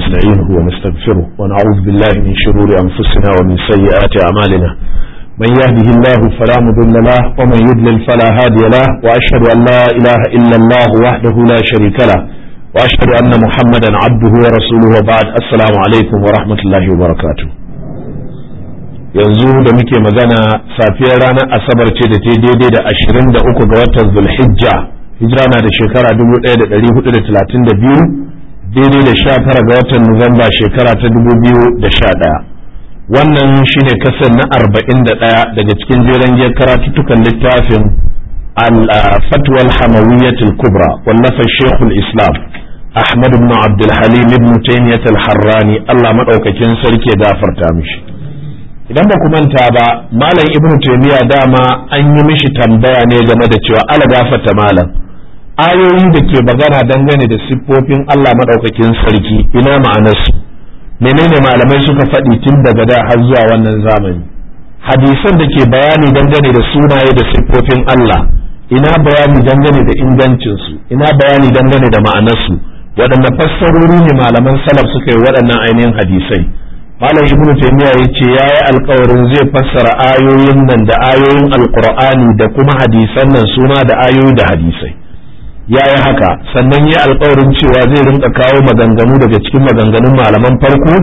ونستعينه ونستغفره ونعوذ بالله من شرور أنفسنا ومن سيئات أعمالنا من يهده الله فلا مضل له ومن يضلل فلا هادي له وأشهد أن لا إله إلا الله وحده لا شريك له وأشهد أن محمدا عبده ورسوله وبعد السلام عليكم ورحمة الله وبركاته yanzu da muke magana safiyar ranar asabar ce da ta daidai da 23 ga watan zulhijja hijira na da shekara 1432 daidai da sha tara ga watan nuwamba shekara ta dubu biyu da sha ɗaya wannan shine kasar na arba'in da ɗaya daga cikin jeren giyar karatuttukan littafin al-fatwa al kubra wallafa shekul islam ahmad ibn abdulhalim ibn taymiyyat al-harrani allah maɗaukakin sarki ya gafarta mishi idan ba ku manta ba malam ibn taymiya dama an yi mishi tambaya ne game da cewa ala gafarta malam ayoyi da ke magana dangane da siffofin Allah maɗaukakin sarki ina ma'anarsu menene malamai suka faɗi tun daga da har zuwa wannan zamani hadisan da ke bayani dangane da sunaye da siffofin Allah ina bayani dangane da ingancinsu ina bayani dangane da ma'anarsu waɗanne fassarori ne malaman salaf suka yi waɗannan ainihin hadisai malam ibnu taymiya yace yayi alƙawarin zai fassara ayoyin nan da ayoyin alqur'ani da kuma hadisan nan suna da ayoyi da hadisai ya yi haka sannan ya alkawarin cewa zai rinka kawo maganganu daga cikin maganganun malaman farko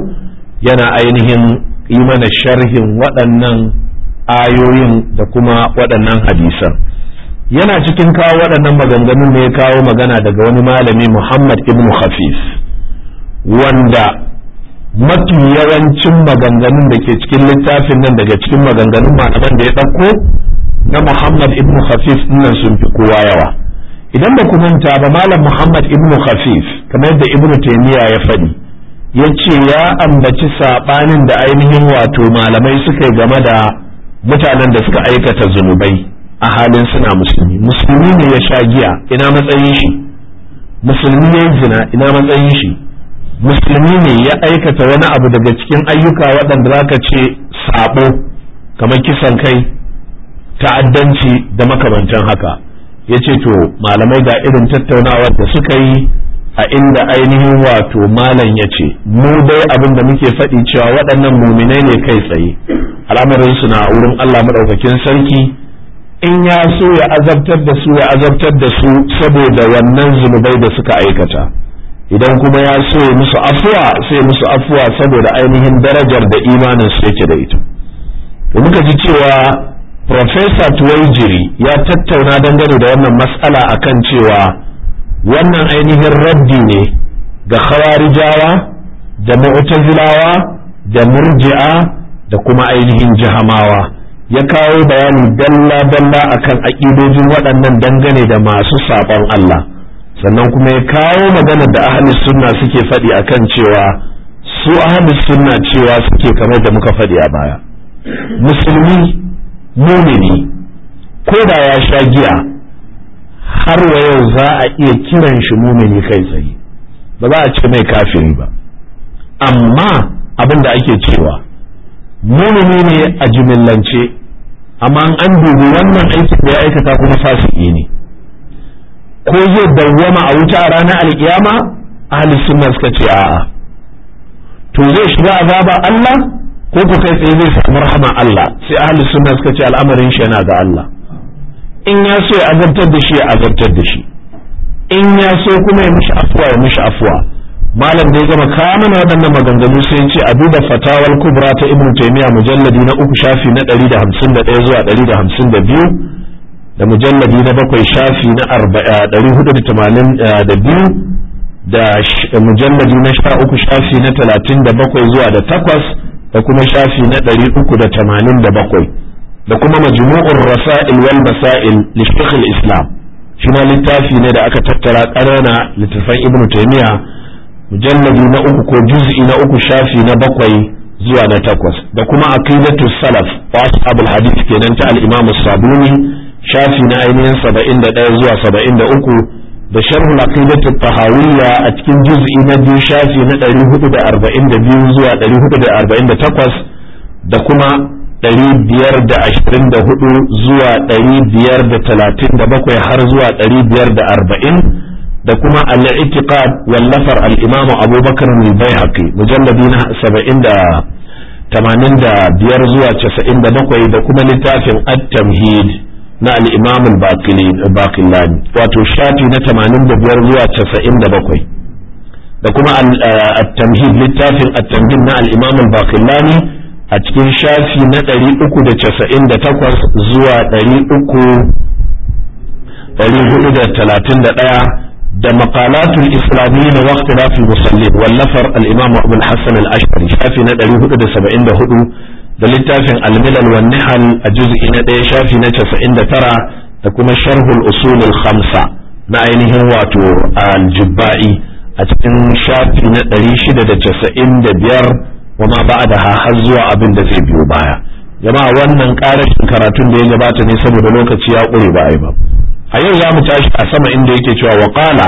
yana ainihin yi mana sharhin waɗannan ayoyin da kuma waɗannan hadisan yana cikin kawo waɗannan maganganun ne ya kawo magana daga wani malami muhammad ibn hafiz wanda mafi yawancin maganganun da ke cikin littafin nan daga cikin maganganun malaman da ya ɗauko na Muhammad ibn Hafiz nan sun fi kowa yawa idan ba ku manta ba malam muhammad ibnu khafif kamar yadda ibnu taymiya ya faɗi ya ce ya ambaci saɓanin da ainihin wato malamai suka yi game da mutanen da suka aikata zunubai a halin suna musulmi musulmi ne ya sha giya ina matsayin shi musulmi ya zina ina matsayin shi musulmi ne ya aikata wani abu daga cikin ayyuka waɗanda za ka ce saɓo kamar kisan kai ta'addanci da makamancin haka ya ce to malamai ga irin tattaunawar da suka yi a inda ainihin wato malam ya ce mu dai abin da muke faɗi cewa waɗannan muminai ne kai tsaye al'amarinsu na wurin Allah maɗaukakin sarki in ya so ya azabtar da su ya azabtar da su saboda wannan zunubai da suka aikata idan kuma ya so ya musu afuwa sai musu afuwa saboda ainihin darajar da imanin su yake da ita to muka ji cewa Profesa Tuwaijiri ya tattauna dangane da wannan matsala akan cewa wannan ainihin raddi ne ga khawarijawa da mu'tazilawa da murji'a da kuma ainihin jahamawa ya kawo bayani dalla-dalla akan aƙidojin waɗannan dangane da masu saɓon Allah sannan kuma ya kawo magana da ahli sunna suke faɗi akan cewa su ahli sunna cewa suke kamar da muka faɗi a baya musulmi mumini ko da ya sha giya har wa yau za a iya kiran shi mumini kai tsaye ba za a ce mai kafiri ba amma abin da ake cewa mumini ne a jimillance amma an dubi wannan aikin da ya aikata kuma fasiki ne ko zai dawwama a wuta a ranar alkiyama ahli sunna suka ce a'a to zai shiga azaba Allah ko ku kai tsaye zai samu rahama Allah sai ahli sunna suka ce al'amarin shi yana ga Allah in ya so ya azabtar da shi ya azabtar da shi in ya so kuma ya mishi afuwa ya mishi afuwa malam da ya gama kawo mana waɗannan maganganu sai ce a duba fatawar kubra ta ibnu taymiya mujalladi na uku shafi na 151 zuwa 152 da mujalladi na bakwai shafi na 482 da eh, mujalladi na sha uku shafi na 37 zuwa da takwas da kuma shafi na ɗari uku da tamanin da bakwai da kuma majmu'ur rasa'il wal masail li islam shi ma littafi ne da aka tattara ƙanana littafan ibnu taymiya mujalladi na uku ko juz'i na uku shafi na bakwai zuwa na takwas da kuma aqidatu salaf wa ashabul hadith kenan ta al-imam as-sabuni shafi na ainihin 71 zuwa 73 da sharhul tahawiyya a cikin juz'i na biyu shafi na 442 zuwa 448 da kuma 524 zuwa 537 har zuwa 540 da kuma al-i'tiqad wallafar al-imamu abubakar al-bayhaqi mujalladi na 70 85 zuwa 97 da kuma littafin at-tamhid na al-imam al wato shafi na 85 zuwa 97 da kuma eh, at-tamhid littafin at-tamhid na al-imam al a cikin shafi na 398 zuwa 300 da maqalatul islamiyyin wa ikhtilafil musallin wallafar al-imam Abu al-Hasan al-Ash'ari shafi na 474 da littafin almilal wa nihal a juz'i na ɗaya shafi na casa'in da tara da kuma sharhul usulul khamsa na ainihin wato aljubba'i a cikin shafi na ɗari shida da casa'in da biyar wa ma ba da har zuwa abin da zai biyo baya jama'a wannan ƙarashin karatun da ya gabata ne saboda lokaci ya ƙure ba ba a yau za mu tashi a sama inda yake cewa waƙala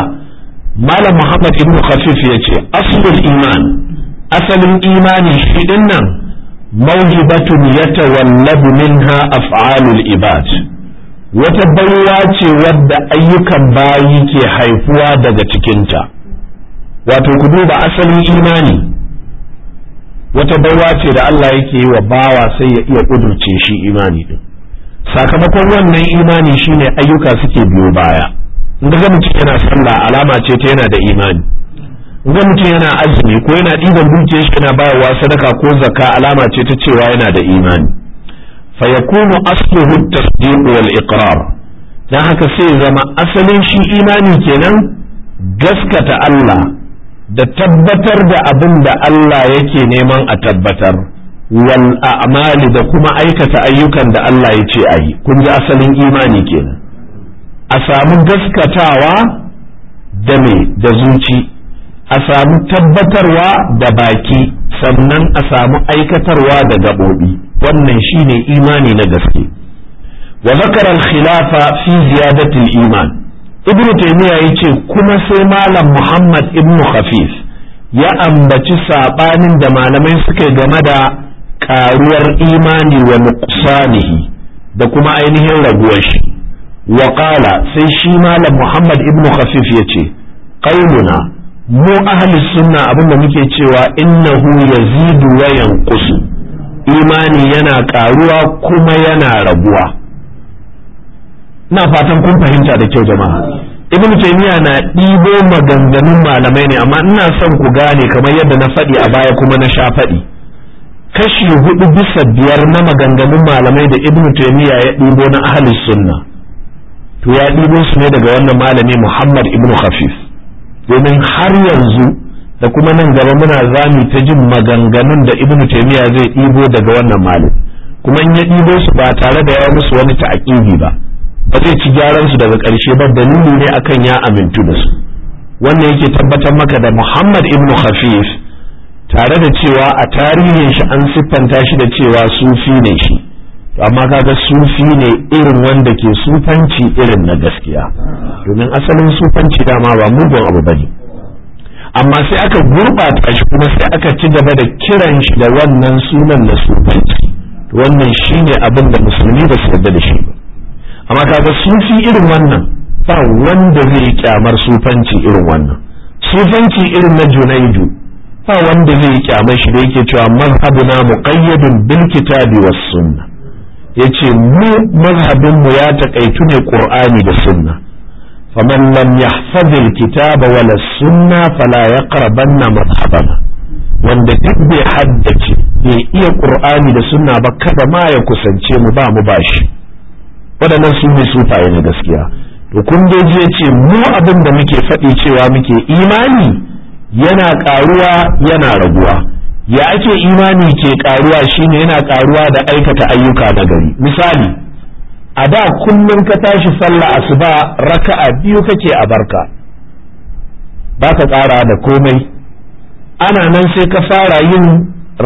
malam muhammad ibnu khafif ya ce aslul iman asalin imani shi ɗin nan mawhibatun yatawallabu minha af'alul ibad wata baiwa ce wadda ayyukan bayi ke haifuwa daga cikinta wato ku duba asalin imani wata baiwa ce da Allah yake yi wa bawa sai ya iya kudurce shi imani sakamakon wannan imani shine ayyuka suke biyo baya in ga mutum yana sallah alama ce ta yana da imani ga mutum yana azumi ko yana ɗiban dukiyar shi yana bayarwa sadaka ko zakka alama ce ta cewa yana da imani fa yakunu asluhu at-tasdiq wal iqrar dan haka sai zama asalin shi imani kenan gaskata Allah da tabbatar da abin da Allah yake neman a tabbatar wal a'mali da kuma aikata ayyukan da Allah ya ce ayi kun ji asalin imani kenan a samu gaskatawa da me da zuci a samu tabbatarwa da baki sannan a samu aikatarwa da gaɓoɓi wannan shine imani na gaske wa zakara khilafa fi ziyadatil iman ibnu taymiya yace kuma sai malam muhammad ibnu khafif ya ambaci sabanin da malamai suka game da karuwar imani wa nuqsanihi da kuma ainihin raguwar shi wa qala sai shi malam muhammad ibnu khafif yace qauluna mu ahli sunna abin da muke cewa innahu yazidu wa yanqusu imani yana karuwa kuma yana raguwa. na fatan kun fahimta da kyau jama'a ibnu taymiya na ɗibo maganganun malamai ne amma ina son ku gane kamar yadda na faɗi a baya kuma na sha faɗi kashi hudu bisa biyar na maganganun malamai da ibnu taymiya ya ɗibo na ahli sunna to ya ɗibo su ne daga wannan malami muhammad ibnu khafif domin har yanzu da kuma nan gaba muna zami ta jin maganganun da ibnu taymiya zai ɗibo daga wannan malin kuma in ya ɗibo su ba tare da ya musu wani ta'aqibi ba ba zai ci gyaran su daga ƙarshe ba dalili ne akan ya amintu da su wannan yake tabbatar maka da muhammad ibnu khafif tare da cewa a tarihin shi an siffanta shi da cewa sufi ne shi amma kaga sufi ne irin wanda ke sufanci irin na gaskiya domin asalin sufanci dama ba mugun abu bane amma sai aka gurbata shi kuma sai aka ci gaba da kiran shi da wannan sunan na sufanci wannan shine abin da musulmi ba su yarda da shi ba amma kaga sufi irin wannan ba wanda zai kyamar sufanci irin wannan sufanci irin na junaidu ba wanda zai kyamar shi da yake cewa mazhabuna muqayyadun bil kitabi was sunnah yace mu mazhabinmu ya taƙaitu ne ƙur'ani da sunna faman lam fadil kitaba wala sunna fala na madhhabana wanda duk bai haddace ya iya ƙur'ani da sunna ba kada ma ya kusance mu ba mu bashi waɗannan su ne sufaye na gaskiya to kun ya ce mu abin da muke faɗi cewa muke imani yana ƙaruwa yana raguwa ya ake imani ke karuwa shine yana karuwa da aikata ayyuka na gari misali a da kullum ka tashi sallah asuba raka'a biyu kake a barka ba ka tsara da komai ana nan sai ka fara yin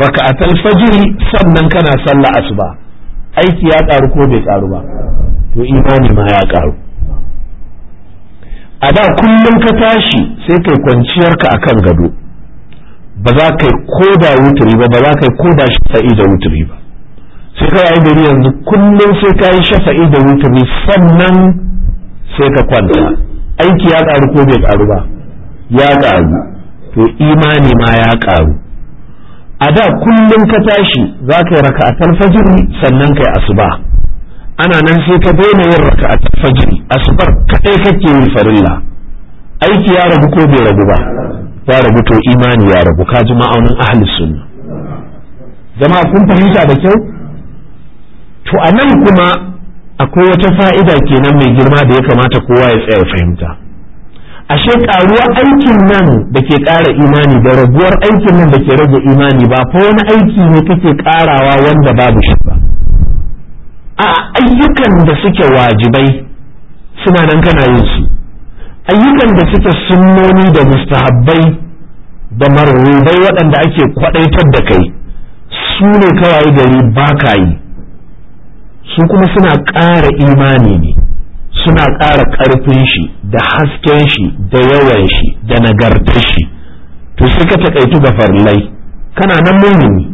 raka'atul fajiri sannan kana sallah asuba aiki ya karu ko bai karu ba to imani ma ya karu a da kullum ka tashi sai kai kwanciyarka akan gado ba za ka yi ko da wuturi ba ba za ka yi ko da shafa'i da wuturi ba sai ka yi gari yanzu kullum sai ka yi shafa'i da wuturi sannan sai ka kwanta aiki ya ƙaru ko bai ƙaru ba ya ƙaru to imani ma ya ƙaru a da kullum ka tashi za ka yi raka'atar fajiri sannan ka yi asuba ana nan sai ka daina yin raka a fajiri asubar kaɗai kake yin farilla aiki ya rabu ko bai rabu ba ya rabu to imani ya ragu ka ji ma'aunin ahli sunna jama'a kun fahimta da kyau to a nan kuma akwai wata fa'ida kenan mai girma da ya kamata kowa ya tsaya fahimta ashe karuwar aikin nan da ke kara imani da raguwar aikin nan da ke rage imani ba fa wani aiki ne kake karawa wanda babu shi ba a ayyukan da suke wajibai suna nan kana yin su ayyukan da suke sunnoni da mustahabbai da marrubai waɗanda ake kwaɗaitar da kai su ne kawai gari ba ka yi su kuma suna ƙara imani ne suna ƙara ƙarfin shi da hasken shi da yawan shi da nagartar shi to sai ka taƙaitu ga farlai kana nan mumini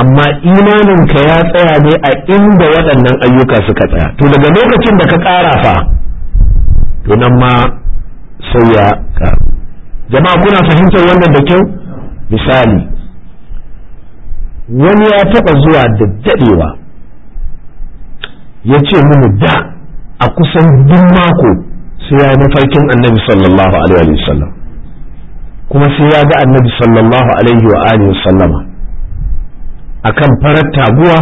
amma imaninka ya tsaya ne a inda waɗannan ayyuka suka tsaya to daga lokacin da ka ƙara fa to nan ma sai ya karu jama'a kuna fahimtar wannan da kyau misali wani ya taɓa zuwa da daɗewa ya ce mini da a kusan duk mako sai ya mafarkin annabi sallallahu alaihi wa sallam kuma sai ya ga annabi sallallahu alaihi wa alihi wa sallama akan farar taguwa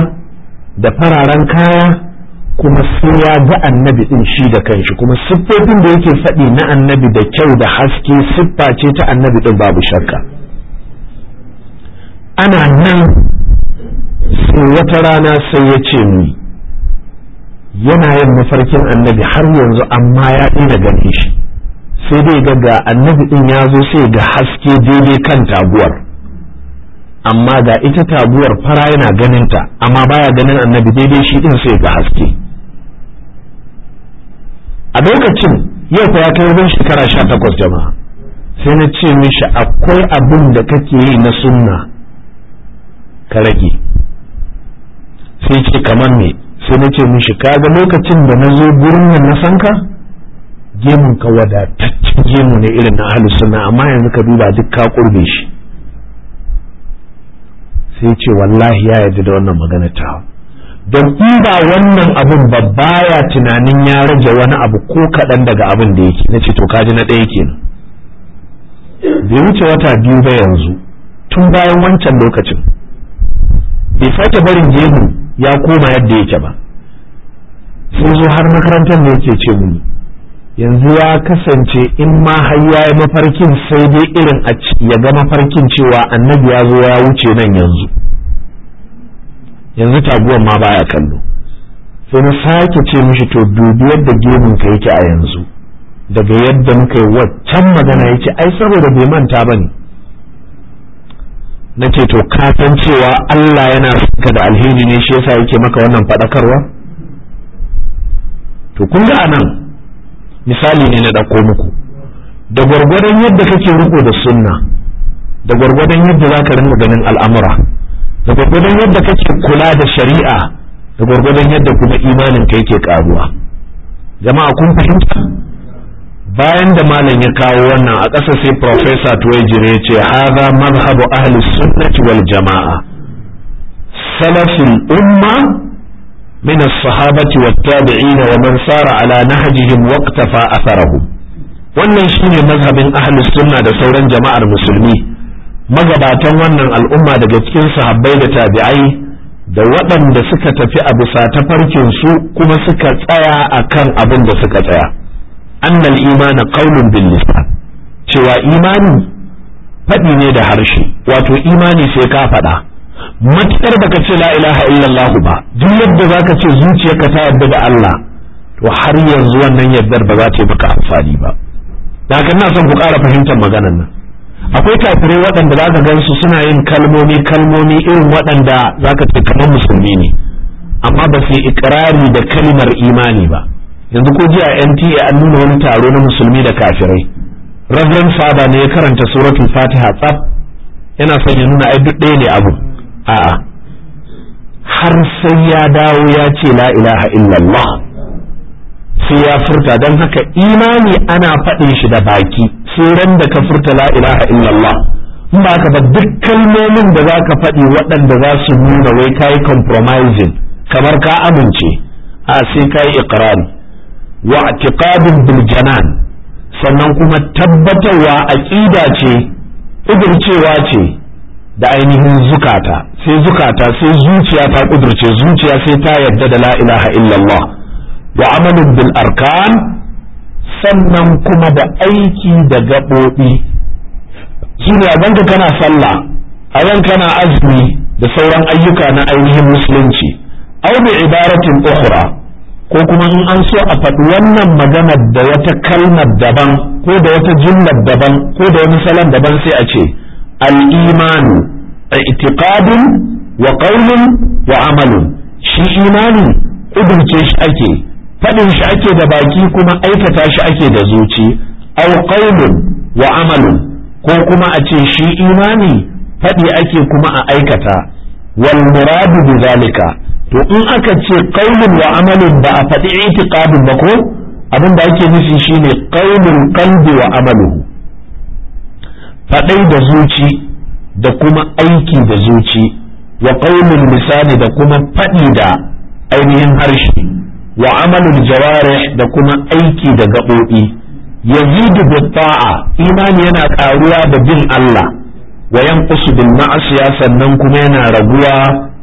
da fararen kaya kuma sai ya ga annabi din shi da kanshi kuma siffofin da yake faɗi na annabi da kyau da haske siffa ce ta annabi din babu shakka ana nan sai wata rana sai ya ce ni yana yin mafarkin annabi har yanzu amma ya daina gane shi sai dai ga annabi din ya zo sai ga haske daidai kan taguwar amma ga ita tabuwar fara yana ganinta amma baya ganin annabi daidai shi din sai ga haske a lokacin yau fa ya kai wajen shekara sha takwas jama'a sai na ce mishi akwai abin da kake yi na sunna ka rage sai ce kamar me sai na ce mishi ga lokacin da na zo gurin nan na sanka gemun ka wadataccen gemu ne irin na ahlus sunna amma yanzu ka duba duk ka kurbe shi sai ce wallahi ya yarda da wannan magana ta don ba wannan abin ba baya tunanin ya rage wani abu ko kaɗan daga abin da yake na ce to kaji na ɗaya kenan bai wuce wata biyu ba yanzu tun bayan wancan lokacin bai sake barin gemu ya koma yadda yake ba sai zo har makarantar da yake ce muni yanzu ya kasance in ma har ya yi mafarkin sai dai irin a ya ga mafarkin cewa annabi ya zo ya wuce nan yanzu yanzu taguwan ma baya kallo sai na sake ce mishi to dubi yadda gemun ka yake a yanzu daga yadda muka yi waccan magana yake ai saboda bai manta ba ne na ce to kafin cewa Allah yana ka da alheri ne shi yasa yake maka wannan faɗakarwa to kun ga anan misali ne na ɗauko muku da gwargwadon yadda kake riko da sunna da gwargwadon yadda za ka ganin al'amura da gwargwadon yadda kake kula da shari'a da gwargwadon yadda kuma imanin ka yake karuwa jama'a kun fahimta bayan da malam ya kawo wannan a ƙasa sai professor tuwajire ya ce hadha madhhabu ahli sunnati wal jama'a salafin umma من الصحابة والتابعين ومن سار على نهجهم واقتفى أثرهم wannan shine mazhabin ahlus sunna da sauran jama'ar musulmi magabatan wannan al'umma daga cikin sahabbai da tabi'ai da waɗanda suka tafi a bisa tafarkin su kuma suka tsaya akan abin da suka tsaya annal imana qaulun bil lisan cewa imani faɗi ne da harshe wato imani sai ka faɗa matukar baka ce la ilaha illallah ba duk yadda zaka ce zuciyarka ta yarda da Allah to har yanzu wannan yardar ba za ta yi amfani ba da haka ina son ku ƙara fahimtar maganar nan akwai kafirai waɗanda zaka gansu suna yin kalmomi kalmomi irin waɗanda zaka ce kamar musulmi ne amma ba su ikrari da kalmar imani ba yanzu ko jiya NTA an nuna wani taro na musulmi da kafirai Reverend Fada ne ya karanta suratul Fatiha tsaf yana son ya nuna ai duk ɗaya ne abu a'a har sai ya dawo ya ce la ilaha illallah sai ya furta don haka imani ana faɗin shi da baki sai ran da ka furta la ilaha illallah in ba ka ba duk kalmomin da za ka faɗi waɗanda za su nuna wai ka yi compromising kamar ka amince a sai ka yi iqrari wa i'tiqadun bil janan sannan kuma tabbatarwa aqida ce cewa ce da ainihin zukata sai zukata sai zuciya ta kudurce zuciya sai ta yadda da la'ilaha ilaha illallah wa amalin bil arkan sannan kuma da aiki da gaɓoɓi su ne a kana sallah a kana azumi da sauran ayyuka na ainihin musulunci au bi ibaratin ukhra ko kuma in an so a faɗi wannan maganar da wata kalmar daban ko da wata jumlar daban ko da wani salon daban sai a ce al'imanu i'tiqadun wa qawlun wa shi imani kudurce shi ake faɗin shi ake da baki kuma aikata shi ake da zuci aw qawlun wa ko kuma a ce shi imani faɗi ake kuma a aikata wal muradu bi zalika to in aka ce qaulun wa amalin ba a faɗi itiqadin ba ko abin da ake nufi shine qaulun qalbi wa amaluhu faɗai da zuci da kuma aiki da zuci wa qaulul misali da kuma faɗi da ainihin harshe wa amalul jawarih da kuma aiki da gaɓoɓi yazidu bi ta'a imani yana ƙaruwa da bin Allah wa yanqusu bil ma'asiya sannan kuma yana raguwa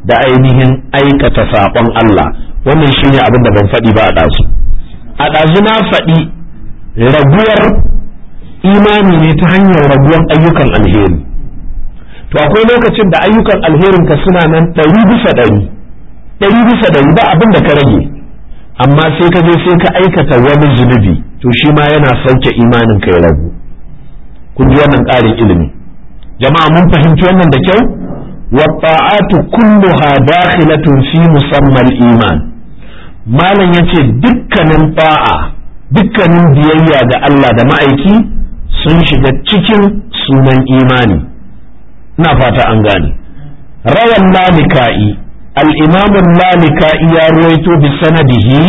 da ainihin aikata saƙon Allah wannan shine abin da ban faɗi ba a ɗazu a ɗazu na faɗi raguwar imani ne ta hanyar rabuwan ayyukan alheri to akwai lokacin da ayyukan alherin ka suna nan ɗari bisa ɗari ɗari bisa ɗari ba abin da ka rage amma sai ka je sai ka aikata wani zunubi to shi ma yana sauke imanin ka ya ragu kun ji wannan ƙarin ilimi jama'a mun fahimci wannan da kyau wa ta'atu kulluha dakhilatun fi musammal iman malam yace dukkanin ba'a dukkanin biyayya ga Allah da ma'aiki sun shiga cikin sunan imani Ina fata an gane rawan lalika'i al'imamun lalika'i ya ruwaito bi sanadihi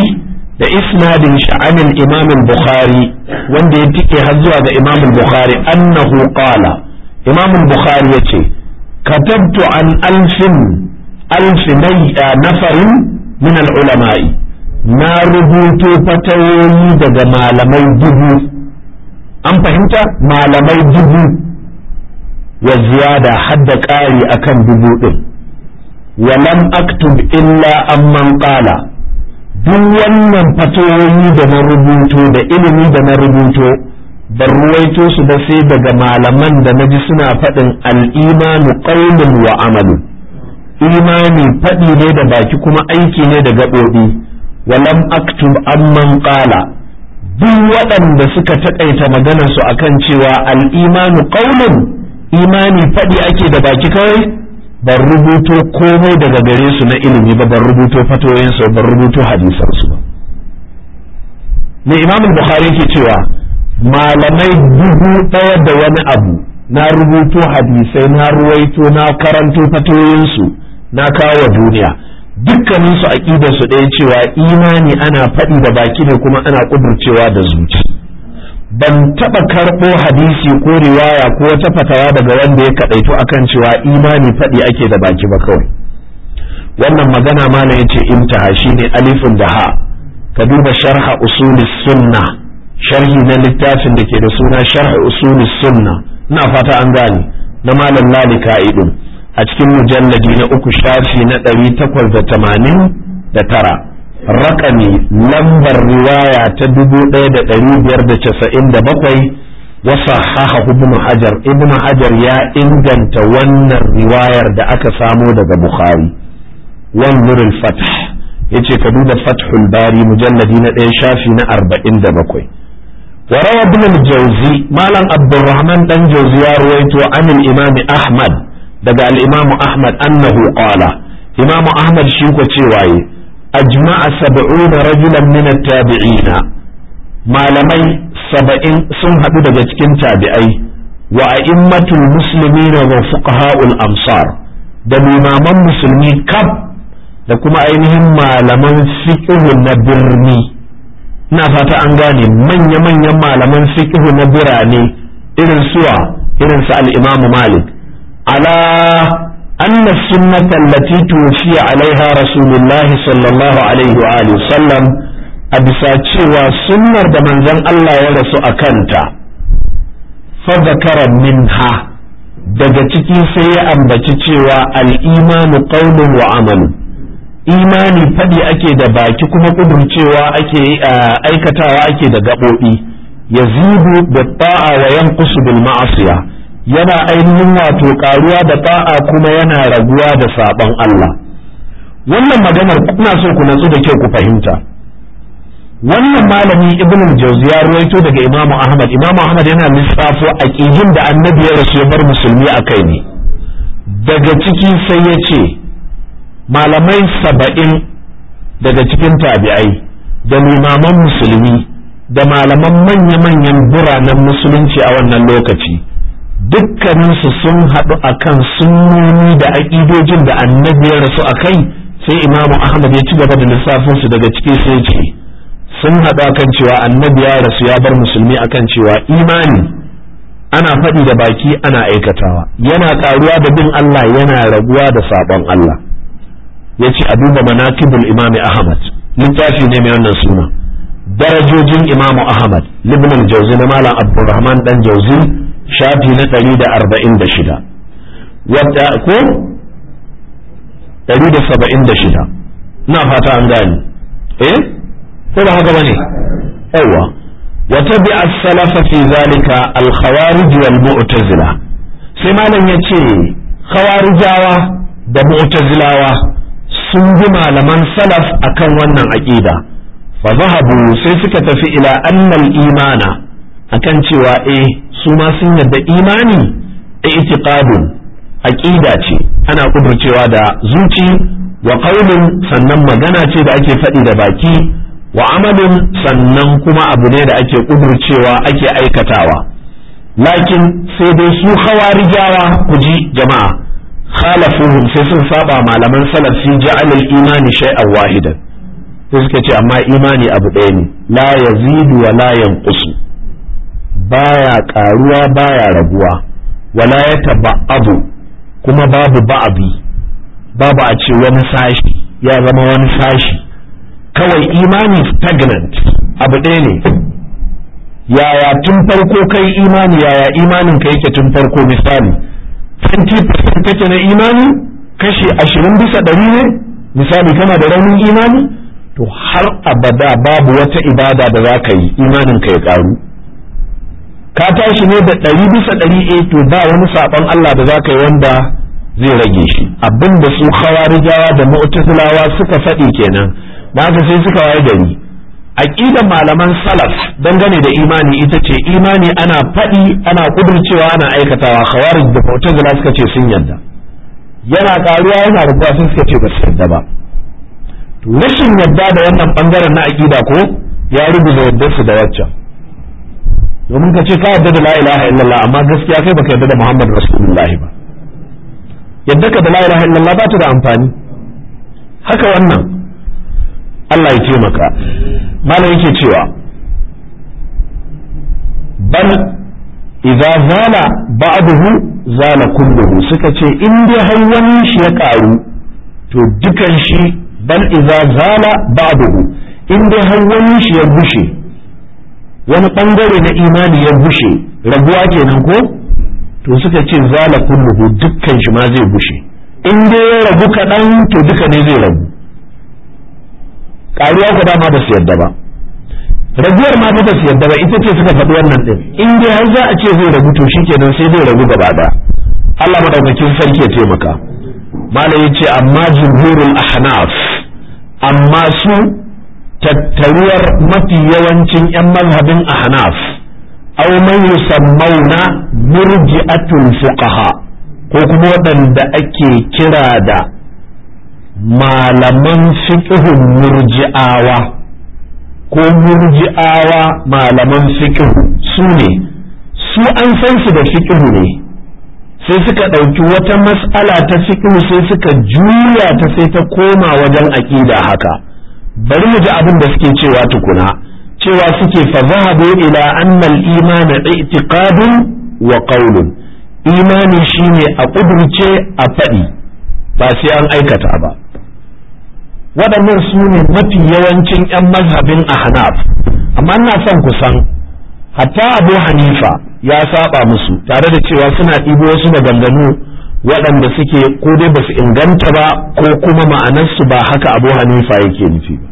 da isnadin sha'anin imamin bukhari wanda ya tike har zuwa ga imamin bukhari annahu qala imamin bukhari ya ce katabtu an alfin na nafarin min al'ulama'i na rubuta fatawoyi daga malamai dubu an fahimta malamai dubu wa ziyada hadda ƙari akan dubu ɗin walam aktub illa amman qala duk wannan fatoyi da na rubuto da ilimi da na rubuto ban ruwaito su ba sai daga malaman da na ji suna faɗin al'imanu qaulun wa amalu imani faɗi ne da baki kuma aiki ne da gaɓoɓi walam aktub amman qala duk waɗanda suka taƙaita maganarsu akan cewa al'imanu ƙaunin imani faɗi ake da baki kawai ban rubuto komai daga gare su na ilimi ba ban rubuto fatoyinsu ban rubuto hadisansu ba ne imam bukhari ke cewa malamai dubu ɗaya da wani abu na rubuto hadisai na ruwaito na karanto fatoyinsu na kawo duniya dukkanin su aqidar su ɗaya cewa imani ana faɗi da baki ne kuma ana kudurcewa da zuci ban taɓa karɓo hadisi ko riwaya ko wata fatawa daga wanda ya kaɗaito akan cewa imani faɗi ake da baki ba kawai wannan magana malam yace imtaha shine alifin da ha ka duba sharha usulis sunna sharhi na littafin da ke da suna sharh usulis sunna na fata an gane na malam lalika idun a cikin mujalladi na uku shafi na ɗari takwas da tamanin da tara rakami lambar riwaya ta dubu ɗaya da ɗari biyar da casa'in da bakwai wasa haka ibnu hajar ibnu hajar ya inganta wannan riwayar da aka samo daga bukhari wanzurul fath yace ka duba fathul bari mujalladi na ɗaya shafi na arba'in da bakwai وروى ابن الجوزي مالا عبد الرحمن بن جوزي رويته عن الإمام أحمد daga al ahmad annahu qala imamu ahmad shi ko cewa yi ajma'a sab'una rajulan min tabiina malamai saba'in sun haɗu daga cikin tabi'ai wa a'immatul muslimina wa fuqaha'ul amsar da limaman musulmi kaf da kuma ainihin malaman fiqhu na birni ina fata an gane manya-manyan malaman fiqhu na birane irin suwa irin su al imamu Malik ala anna sunnata allati tufiya alaiha rasulullahi sallallahu alaihi wa alihi a bisa cewa sunnar da manzon Allah ya rasu a kanta fa zakara minha daga ciki sai ya ambaci cewa al-imanu qawlun wa imani faɗi ake da baki kuma ƙudurcewa ake aikatawa ake da gaɓoɗi. ya zibu da ta'a wa yankusu bil ma'asiya yana ainihin wato karuwa da ba'a kuma yana raguwa da sabon Allah wannan maganar kuna so ku natsu da kyau ku fahimta wannan malami ibn jauzi ya ruwaito daga imamu ahmad imamu ahmad yana lissafo aqidin da annabi ya rasu bar musulmi akai ne daga ciki sai ya ce malamai saba'in daga cikin tabi'ai da limaman musulmi da malaman manya-manyan biranen musulunci a wannan lokaci dukkaninsu sun haɗu akan sunnoni da aƙidojin da annabi ya rasu a kai sai imamu ahmad ya ci gaba da lissafinsu daga ciki sai ce sun haɗu akan cewa annabi ya rasu ya bar musulmi akan cewa imani ana faɗi da baki ana aikatawa yana ƙaruwa da bin Allah yana raguwa da saɓon Allah ya ce a duba manakibul imami ahmad littafi ne mai wannan suna darajojin imamu ahmad libnul jauzi na malam abdulrahman dan jauzi shafi na ɗari da arba'in da shida wadda ko ɗari da saba'in da shida na fata an gani eh? ko ba haka bane yawa wata bi as-salafa fi zalika al-khawarij mu'tazila sai malam ce khawarijawa da mu'tazilawa sun bi malaman salaf akan wannan aƙida, fa zahabu sai suka tafi ila annal imana akan cewa eh su ma sun yarda imani eh, i'tiqadun aqida ce ana kudurcewa da zuci wa qaulun sannan magana ce da ake faɗi da baki wa amalin sannan kuma abu ne da ake kudurcewa ake aikatawa lakin sai dai su hawarijawa ku ji jama'a khalafuhum sai sun saba malaman salaf fi ja'al al-iman shay'an wahidan sai suka ce amma imani abu ɗaya ne la yazidu wa la yanqusu baya karuwa baya raguwa wala ya abu kuma babu ba'abi babu a ce wani sashi ya zama wani sashi kawai imani stagnant abu ɗaya ne yaya tun farko kai imani yaya imanin ka yake tun farko misali 20% kake na imani kashi ashirin bisa ɗari ne misali kana da raunin imani to har abada babu wata ibada da za ka yi imanin ka ya ƙaru ka tashi ne da ɗari bisa ɗari e to ba wani saɓon Allah da za ka yi wanda zai rage shi abin da su khawarijawa da mu'tazilawa suka faɗi kenan ba ka sai suka waye gari aqidar malaman salaf dangane da imani ita ce imani ana faɗi ana kudurcewa ana aikatawa khawarij da mu'tazila suka ce sun yarda yana ƙaruwa yana rubuwa sun suka ce ba su yarda ba rashin yarda da wannan bangaren na aqida ko ya rubuta yadda su da waccan domin ka ce ka yadda da la illallah amma gaskiya kai baka yadda da muhammad rasulullahi ba yadda ka da la illallah ba ta da amfani haka wannan Allah ya taimaka malam yake cewa bal idza zala ba'dahu zala kulluhu suka ce in dai har wani shi ya karu to dukan shi bal idza zala ba'dahu in dai har wani shi ya bushe wani bangare na imani ya bushe raguwa kenan ko to suka ce zala kulluhu dukkan shi ma zai bushe in dai ya ragu kaɗan to duka ne zai ragu karuwa ku dama ba su yadda ba raguwar ma ba su yadda ba ita ce suka faɗi wannan ɗin in dai har za a ce zai ragu to shi kenan sai zai ragu gaba da Allah madaukakin sarki ya taimaka malam ya ce amma jumhurul ahnaf amma su tattaruwar mafi yawancin 'yan mazhabin ahnaf aw man yusammauna murji'atul fuqaha ko kuma waɗanda ake kira da malaman fiqhun murji'awa ko murji'awa malaman fiqh su ne su an san su da fiqh ne sai suka ɗauki wata mas'ala ta fiqh sai suka juya ta sai ta koma wajen aƙida haka bari mu ji abin da suke cewa tukuna cewa suke fa zahabu ila anna al-iman i'tiqad wa qawl imani shine a kudurce a faɗi ba sai an aikata ba waɗannan su ne mafi yawancin 'yan mazhabin ahnaf amma ina son kusan hatta abu hanifa ya saba musu tare da cewa suna ɗibo wasu maganganu waɗanda suke ko dai ba su inganta ba ko kuma ma'anarsu ba haka abu hanifa yake nufi ba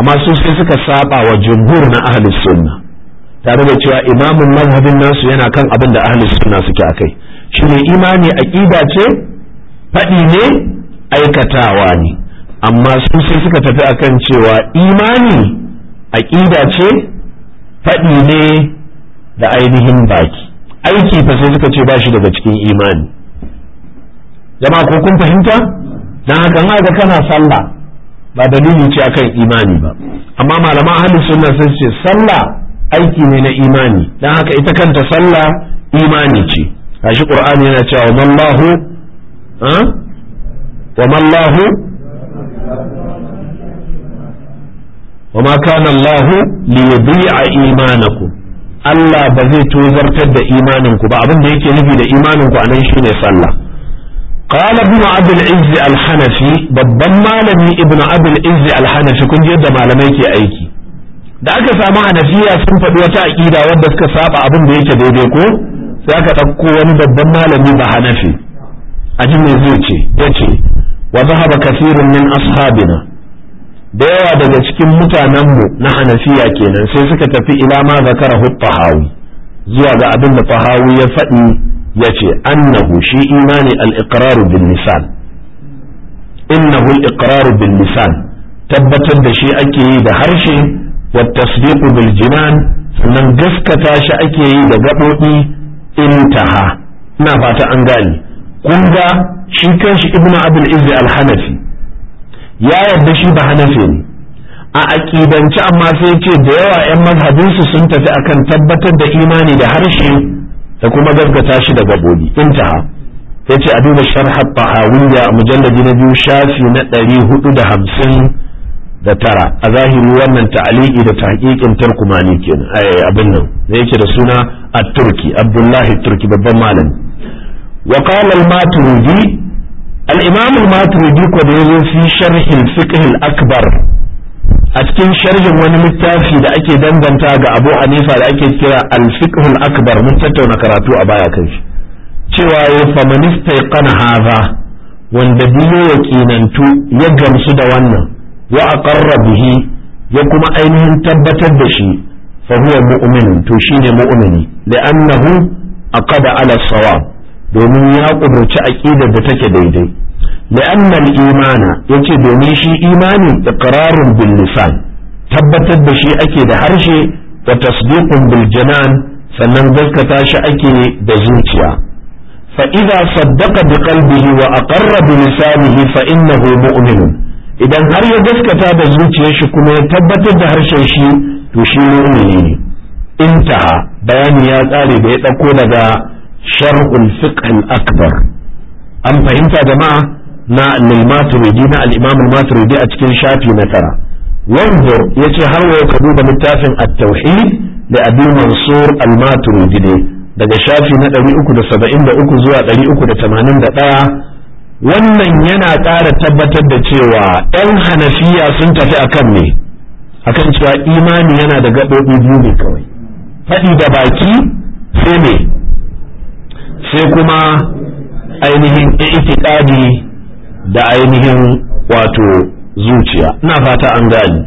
amma su sai suka saba wa jumhur na ahli sunna tare da cewa imamin mazhabin nasu yana kan abin da ahli sunna suke akai shine imani aqida ce faɗi ne aikatawa ne amma su sai suka tafi akan cewa imani aqida ce faɗi ne da ainihin baki aiki fa sai suka ce ba shi daga cikin imani jama'a ko kun fahimta dan haka ga kana sallah ba dalili ce akan imani ba amma malaman ahlus sunna sun ce sallah aiki ne na imani dan haka ita kanta sallah imani ce shi ƙur'ani yana cewa wa mallahu wa mallahu wa ma kana Allah li yudhi'a imanakum Allah ba zai tozartar da imanin ku ba abin da yake nufi da imanin ku anan shine sallah قال ابن عبد العز الحنفي babban malami ibn عبد العز al-hanafi kun ji yadda malamai ke aiki da aka samu hanafiya sun faɗi wata aƙida wadda suka saba abin da yake daidai ko sai aka ɗauko wani babban malami ba hanafi a ji mai zai ce yace wa zahaba kathirun min ashabina da yawa daga cikin mutanenmu na hanafiya kenan sai suka tafi ila ma zakara hawi zuwa ga abin da fahawi ya faɗi ya ce annahu shi imani al-iqraru bin lisan innahu al bin lisan tabbatar da shi ake yi da harshe wa tasdiqu bil jinan sannan gaskata shi ake yi da gaɓoɓi intaha ina fata an gani kun ga shi kanshi ibnu abul izzi al-hanafi ya yarda shi ba hanafi ne a aƙidance amma sai ce da yawa 'yan mazhabinsu sun tafi akan tabbatar da imani da harshe da kuma gaskata shi daga gabobi intaha ya ce a duba sharhar tahawiyya a mujalladi na biyu shafi na ɗari hudu da hamsin da tara a zahiri wannan ta'aliki da tahqiqin turkumani kenan abin nan da yake da suna atturki turki abdullahi turki babban malami wa qala al-maturidi al-imam al-maturidi ko da yazo fi sharh al-fiqh al-akbar a cikin sharhin wani littafi da ake danganta ga abu hanifa da ake kira alfiqhul akbar mun tattauna karatu a baya kai cewa ya famanista ya kana haza wanda biyo ya kinantu ya gamsu da wannan wa aqarra bihi ya kuma ainihin tabbatar da shi fa huwa mu'min to shine mu'mini li'annahu aqada ala sawab domin ya ƙudurci aƙidar da take daidai imana domin shi يتي دومي شي إيماني tabbatar da shi ake da harshe هرشي وتصديق biljanan sannan gaskata shi ake da zuciya fa idza saddaqa bi qalbihi wa aqarra bi lisanihi fa innahu mu'min idan har ya gaskata da zuciyar shi kuma ya tabbatar da harshen shi to shi mu'mini ne intaha bayanin ya tsare da ya dauko daga sharul fiqh akbar an fahimta jama'a na al-maturidi na al-imam al-maturidi a cikin shafi na tara wanzur yace har wa ka duba littafin at-tauhid da abi mansur al-maturidi ne daga shafi na 373 zuwa 381 wannan yana ƙara tabbatar da cewa 'yan hanafiya sun tafi akan ne akan cewa imani yana da gaɓoɓi biyu ne kawai faɗi da baki sai ne sai kuma ainihin itikadi da ainihin wato zuciya ina fata an gani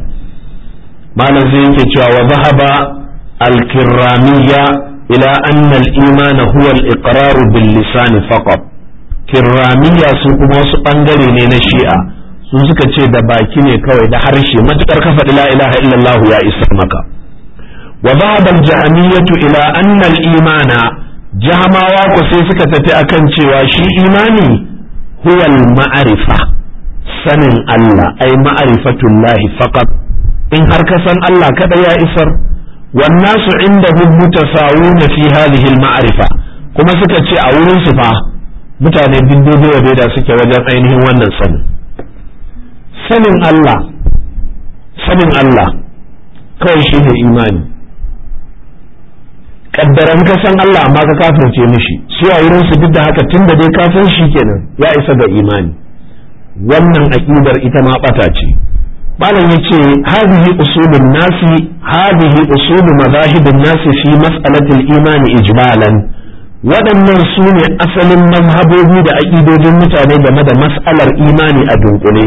malam zai yake cewa wa zahaba al-kirramiyya ila anna al-iman huwa al-iqrar bil lisan faqat kirramiyya su kuma wasu bangare ne na shi'a su suka ce da baki ne kawai da harshe matukar ka faɗi la ilaha illallah ya isa maka wa zahaba al-jahmiyyah ila anna al-imana jahamawa ku sai suka tafi akan cewa shi imani huwal ma'arifa sanin Allah ai lahi faqat in har ka san Allah kada ya isar wan inda indahum na fi hadhihi al ma'arifa kuma suka ce a wurin su fa mutane dindodo da suke wajen ainihin wannan sanin sanin Allah sanin Allah kawai shine imani kaddaran ka san Allah amma ka kafirce mishi su a wurin su duk da haka tun da dai kafin shi kenan ya isa ga imani wannan aqidar ita ma bata ce malam yace hadhihi usulun nasi hadhihi usul madahibin nasi fi mas'alatil imani ijmalan waɗannan su ne asalin mazhabobi da aƙidodin mutane game da mas'alar imani a dunkule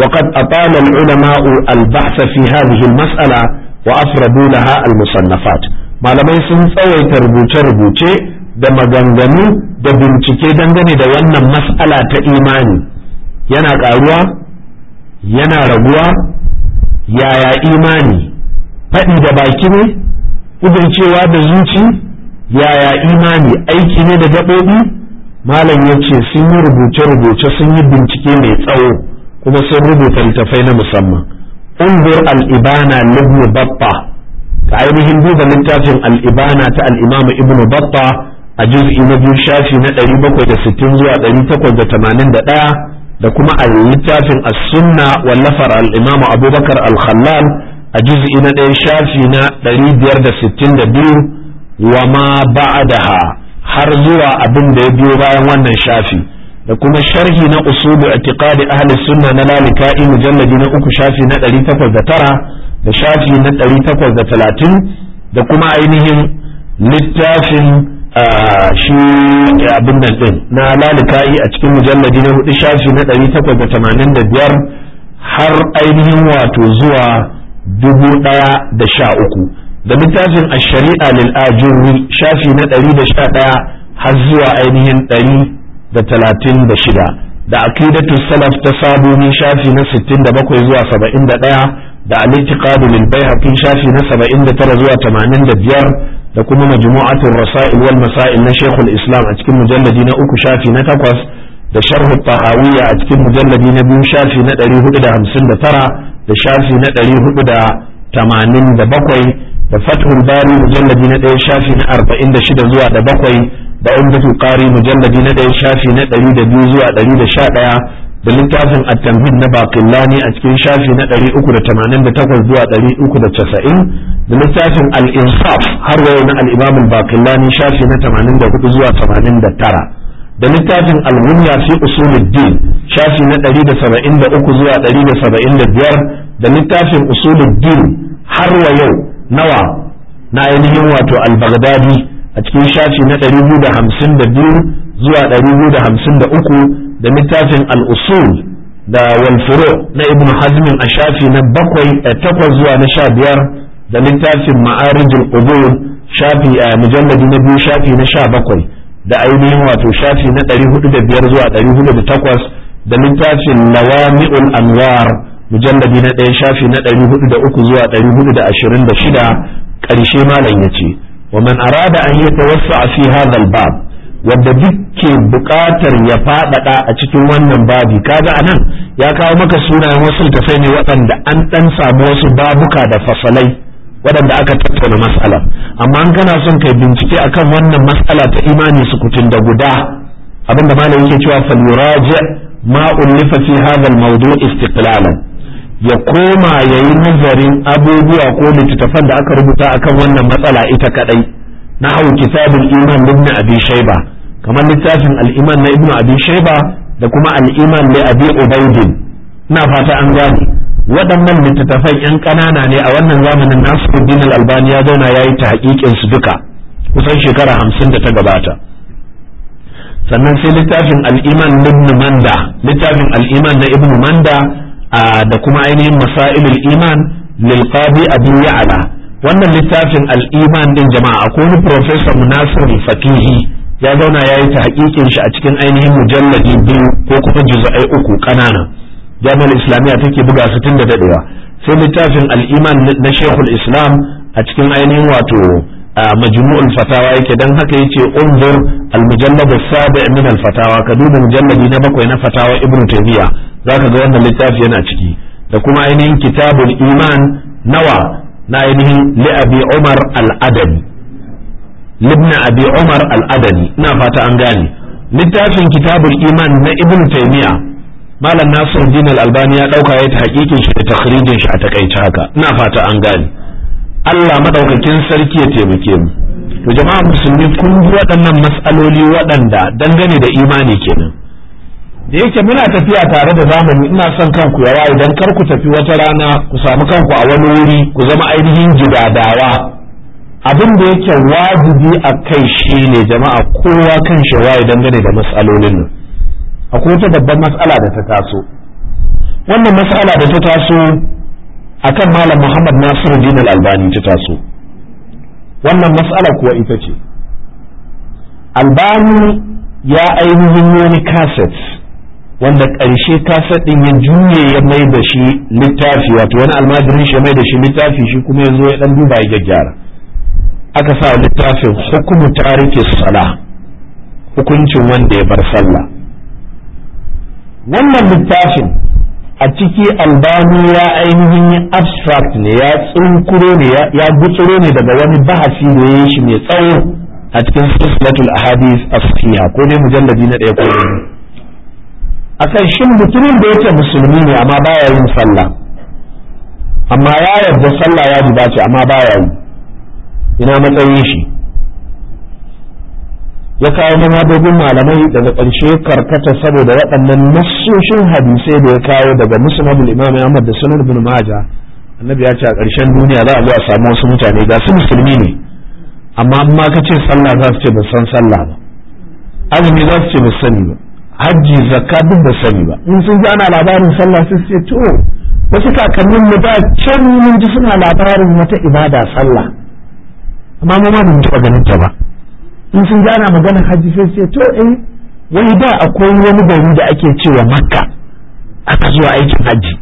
وقد أطال العلماء البحث في هذه المسألة وأفردوا لها المصنفات malamai sun tsawaita rubuce-rubuce da maganganu da bincike dangane da wannan mas'ala ta imani yana ƙaruwa yana raguwa yaya imani faɗi da baki ne cewa da zuci yaya imani aiki ne da gaɓoɓi malam ya ce sun yi rubuce-rubuce sun yi bincike mai tsawo kuma sun rubuta littafai na musamman Unguwar al-ibana libni babba ainihin duba littafin al'ibana ta al'imam ibn batta a juz'i na biyu shafi na 760 zuwa 881 da kuma a littafin as-sunna wallafar alimam abubakar al-khallal a juz'i na ɗaya shafi na 562 wa ma ba'adaha har zuwa abin da ya biyo bayan wannan shafi da kuma sharhi na usul i'tiqadi ahli sunna na lalika'i mujalladi na uku shafi na 809 da shafi na ɗari takwas da talatin da kuma ainihin littafin shi abin nan ɗin na lalika'i a cikin mujalladi na hudu shafi na ɗari takwas da tamanin da biyar har ainihin wato zuwa dubu ɗaya da sha uku da littafin a shari'a lil'ajuri shafi na ɗari da sha ɗaya har zuwa ainihin ɗari da talatin da shida da aqidatu salaf ta sabuni shafi na sittin da bakwai zuwa saba'in da ɗaya da al-i'tiqad min bayhaqi shafi na 79 zuwa 85 da kuma majmu'atul rasail wal masail na Sheikhul Islam a cikin mujalladi na uku shafi na takwas da sharh tahawiyya a cikin mujalladi na biyu shafi na 459 da shafi na 487 da fathul bari mujalladi na ɗaya shafi na 46 zuwa da bakwai da umdatul qari mujalladi na ɗaya shafi na 102 zuwa 111 da littafin at-tamhid na baqillani a cikin shafi na 388 zuwa 390 da littafin al-insaf har wayo na al-imam al-baqillani shafi na 84 zuwa 89 da littafin al-ghunya fi usuluddin shafi na 173 zuwa 175 da littafin usuluddin har wa yau nawa na ainihin wato al-baghdadi a cikin shafi na 252 zuwa 253 da littafin al'usul da walfuro na ibn hazmin a shafi na bakwai eh, takwas zuwa na sha biyar da littafin ma'arijin ubud shafi a eh, mujalladi na biyu shafi na sha bakwai da ainihin wato shafi na ɗari hudu da biyar zuwa ɗari hudu da takwas da littafin lawami'ul anwar mujalladi na ɗaya shafi na ɗari hudu da uku zuwa ɗari hudu da ashirin da shida ƙarshe malam ya ce wa man arada an yi tawassa a fi hadal bab wanda duk ke buƙatar ya faɗaɗa a cikin wannan babi kaga anan ya kawo maka sunayen wasu sai ne waɗanda an ɗan samu wasu babuka da fasalai waɗanda aka tattauna matsala amma an kana son kai bincike akan wannan matsala ta imani sukutun da guda abinda malam yake cewa fal yuraji ma ulifa fi hadha al mawdu' istiqlalan ya koma yayi nazarin abubuwa ko littattafan da aka rubuta akan wannan matsala ita kadai nahwu kitabul iman ibn abi shayba kamar littafin al'iman na ibnu abi shayba da kuma al'iman iman li ina fata an gane waɗannan littattafan yan ƙanana ne a wannan zamanin Nasiruddin al-Albani ya zauna yi ta haƙiƙin su duka kusan shekara hamsin da ta gabata sannan sai littafin al'iman iman ibn manda littafin al'iman na ibn manda da kuma ainihin masailul iman lil qadi abu wannan littafin al'iman din jama'a akwai wani professor munasir fakihi ya zauna ya yi ta hakikin shi a cikin ainihin mujalladi biyu ko kuma juz'ai uku kanana jami'ar islamiyya take buga su tun da dadewa sai littafin al'iman na shekul islam a cikin ainihin wato majmu'ul fatawa yake dan haka yace unzur al-mujallad as min al-fatawa ka duba mujalladi na bakwai na fatawa ibnu taymiya zaka ga wannan littafi yana ciki da kuma ainihin kitabul iman nawa na ainihin li abi umar al-adani libna abi umar al-adani ina fata an gane littafin kitabul iman na ibn taymiya malam nasir din al-albani ya dauka ya hakikin shi da takhrijin shi a takaice haka ina fata an gane Allah madaukakin sarki ya taimake mu to jama'a musulmi kun ji waɗannan mas'aloli waɗanda dangane da imani kenan da yake muna tafiya tare da zamani ina son kanku yawa idan kar ku tafi wata rana ku samu kanku a wani wuri ku zama ainihin gidadawa abin da yake wajibi a kai shi ne jama'a kowa kan shi idan dangane da matsalolin nan akwai wata babbar matsala da ta taso wannan matsala da ta taso akan malam muhammad nasiru din albani ta taso wannan matsala kuwa ita ce albani ya ainihin wani cassette wanda ƙarshe kasa ɗin ya juye ya mai da shi littafi wato wani almajirin shi ya mai da shi littafi shi kuma yanzu ya ɗan duba ya gyara aka sa littafin hukumu tarike sala hukuncin wanda ya bar sallah wannan littafin a ciki albani ya ainihin abstract ne ya tsunkuro ne ya gutsuro ne daga wani bahasi da ya yi shi mai tsawo a cikin silsilatul ahadis as ko dai mujalladi na ɗaya ko akan shin mutumin da yake musulmi ne amma baya yin sallah amma ya yarda sallah ya zubace ce amma baya yi ina matsayin shi ya kawo manhajojin malamai daga ƙarshe karkata saboda waɗannan nassoshin hadisai da ya kawo daga musnadul imam Ahmad da sunan ibn Majah annabi ya ce a ƙarshen duniya za a zo a samu wasu mutane ga su musulmi ne amma amma ka ce sallah za su ce ba san sallah ba azumi za su ce ba sani ba hajji zakka duk ba sani ba in sun ji ana labarin sallah sai ce to wasu kakannin mu da can mun ji suna labarin wata ibada sallah amma mu ma ba mu taɓa ganin ta ba in sun ji ana maganar hajji sai ce to eh wai da akwai wani gari da ake cewa makka aka zuwa aikin hajji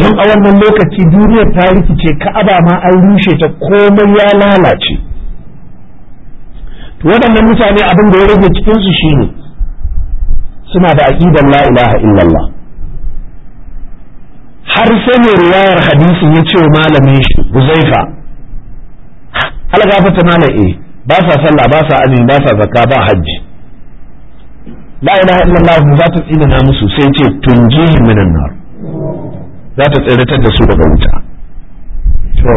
don a wannan lokaci duniyar ta rikice ka'aba ma an rushe ta komai ya lalace to waɗannan mutane abin da ya rage cikinsu shine suna da aqidar la ilaha illallah har sai mai riwayar hadisi ya ce wa malamin shi Huzaifa algafata malam eh ba sa sallah ba sa azumi ba sa zakka ba hajji la ilaha illallah za ta tsina na musu sai ce tunjihi minan nar za ta tsiratar da su daga wuta to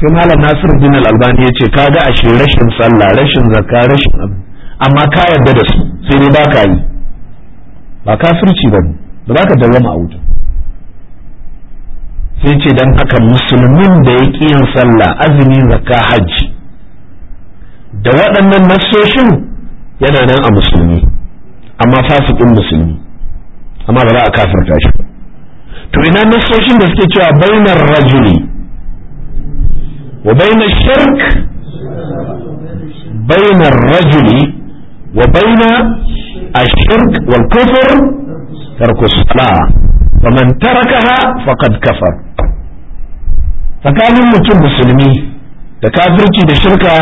sai malam Nasir bin al-Albani ce kaga ashe rashin sallah rashin zakka rashin amma ka yarda da su sai ne ba ka yi ba kafirci ba ne ba za ka dawwama a wuta sai ce don haka musulmin da ya ƙi yin sallah azumi zakka hajji da waɗannan nasoshin yana nan a musulmi amma fasikin musulmi amma ba za a kafirta shi to ina nasoshin da suke cewa bainar rajuli wa bainar shirk bainar rajuli wa bainar الشرك والكفر ترك الصلاة ومن تركها فقد كفر فكان mutum musulmi da kafirci da shirka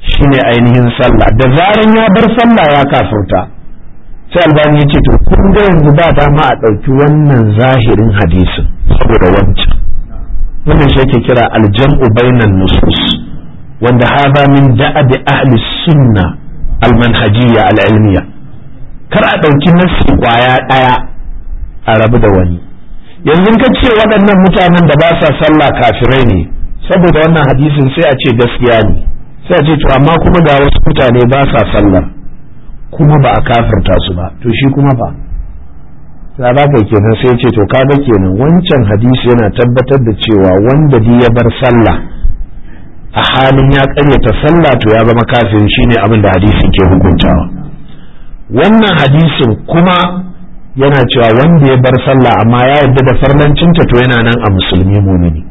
shine ainihin sallah da zaran ya bar sallah ya kafirta sai albani ya ce to kun ga yanzu ba dama a ɗauki wannan zahirin hadisin saboda wancan wannan shi yake kira aljam'u bainan nusus wanda haza min da'abi ahli sunna almanhajiyya al'ilmiya kar a ɗauki nasu ƙwaya ɗaya a rabu da wani yanzu ka ce waɗannan mutanen da ba sa sallah kafirai ne saboda wannan hadisin sai a ce gaskiya ne sai a ce to amma kuma ga wasu mutane ba sa sallar kuma ba a kafirta su ba to shi kuma ba za ba ka kenan sai ce to kaga kenan wancan hadisi yana tabbatar da cewa wanda di ya bar sallah a halin ya karyata sallah to ya zama kafin shine abin da hadisin ke hukuntawa wannan hadisin kuma yana cewa wanda ya bar sallah amma ya yarda da farlancinta to yana nan a musulmi mumini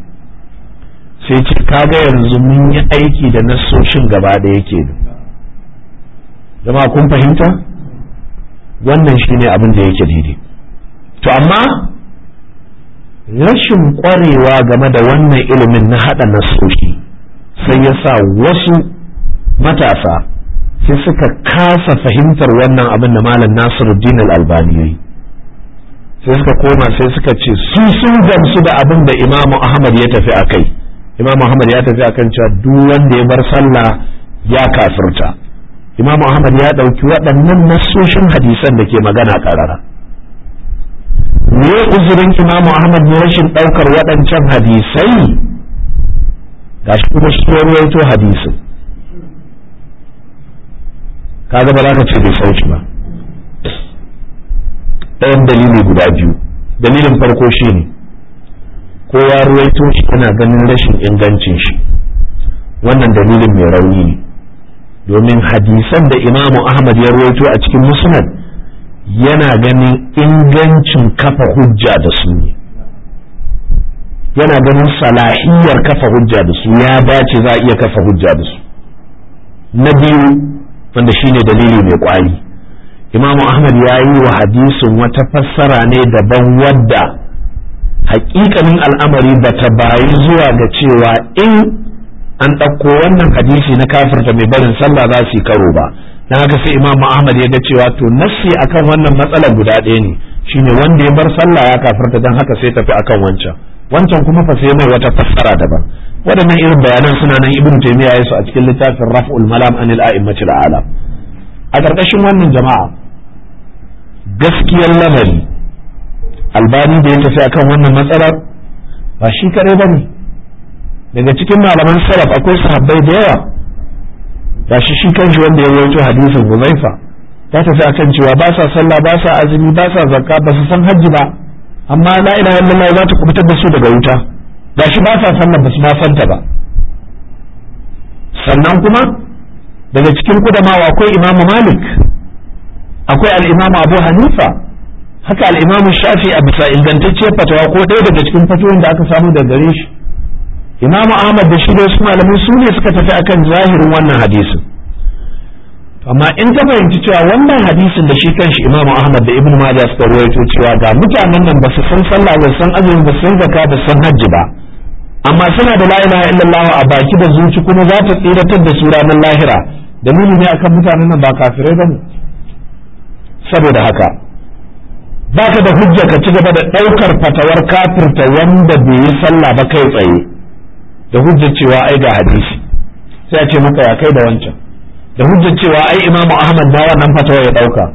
sai ce kaga yanzu mun yi aiki da nasoshin gaba da yake zama kun fahimta wannan shi ne abin da yake daidai to amma rashin kwarewa game da wannan ilimin na haɗa nasoshi sai ya sa wasu matasa sai suka kasa fahimtar wannan abin da malam nasiruddin al-albani sai suka koma sai suka ce su sun gamsu da abin da imam ahmad ya tafi akai Imam ahmad ya tafi akan cewa duk wanda ya bar sallah ya kafirta Imam ahmad ya ɗauki waɗannan nasoshin hadisan da ke magana karara me uzurin imam ahmad ne rashin ɗaukar waɗancan hadisai gashi kuma shi rawaito hadisin kaga ba za ka ce bai sauki ba ɗayan dalili guda biyu dalilin farko shi ne ya ruwaito shi yana ganin rashin ingancin shi wannan dalilin mai rauni ne domin hadisan da imamu ahmad ya ruwaito a cikin musnad yana ganin ingancin kafa hujja da su ne yana ganin salahiyar kafa hujja da su ya dace za a iya kafa hujja da su na biyu wanda shine dalili mai kwari Imam ahmad ya yi wa hadisin wata fassara ne daban wadda hakikanin al'amari ba ta bayi zuwa ga cewa in an ɗauko wannan hadisi na kafirta mai barin sallah za su yi karo ba don haka sai Imam ahmad ya ga cewa to nassi akan wannan matsalar guda ɗaya ne shine wanda ya bar sallah ya kafirta don haka sai tafi akan wancan wancan kuma fa sai mai wata fassara daban waɗannan irin bayanan suna nan ibnu taymiya ya su a cikin littafin raf'ul malam anil a'immatil ala a ƙarƙashin wannan jama'a gaskiyar lamari albani da ya tafi akan wannan matsalar ba shi kare bane daga cikin malaman salaf akwai sahabbai da yawa ba shi shi kanshi wanda ya rawaito hadisin Huzaifa ya tafi akan cewa ba sa sallah ba sa azumi ba sa zakka ba su san hajji ba amma la ilaha illallah za ta kubutar da su daga wuta Ga shi ba sa sannan ba su ma santa ba sannan kuma daga cikin kudamawa akwai imamu malik akwai al'imamu abu hanifa haka al'imamu shafi a bisa ingantacce fatawa ko ɗaya daga cikin fatuwan da aka samu daga gare shi imamu ahmad da shi da wasu malamai su ne suka tafi akan zahirin wannan hadisin amma in ta fahimci cewa wannan hadisin da shi kan shi Imam Ahmad da Ibn Majah suka rawaito cewa ga mutanen nan ba su san sallah ba san azumi ba san zakka ba san hajji ba amma suna da la ilaha illallah a baki da zuci kuma za ta tsiratar da su ranar lahira dalili ne akan mutanen nan ba kafirai bane saboda haka ka da hujja ka ci gaba da ɗaukar fatawar kafirta wanda bai yi sallah ba kai tsaye da hujjar cewa ai ga hadisi sai a ce maka ya kai da wancan da hujjar cewa ai imamu ahmad ma wannan fatawa ya dauka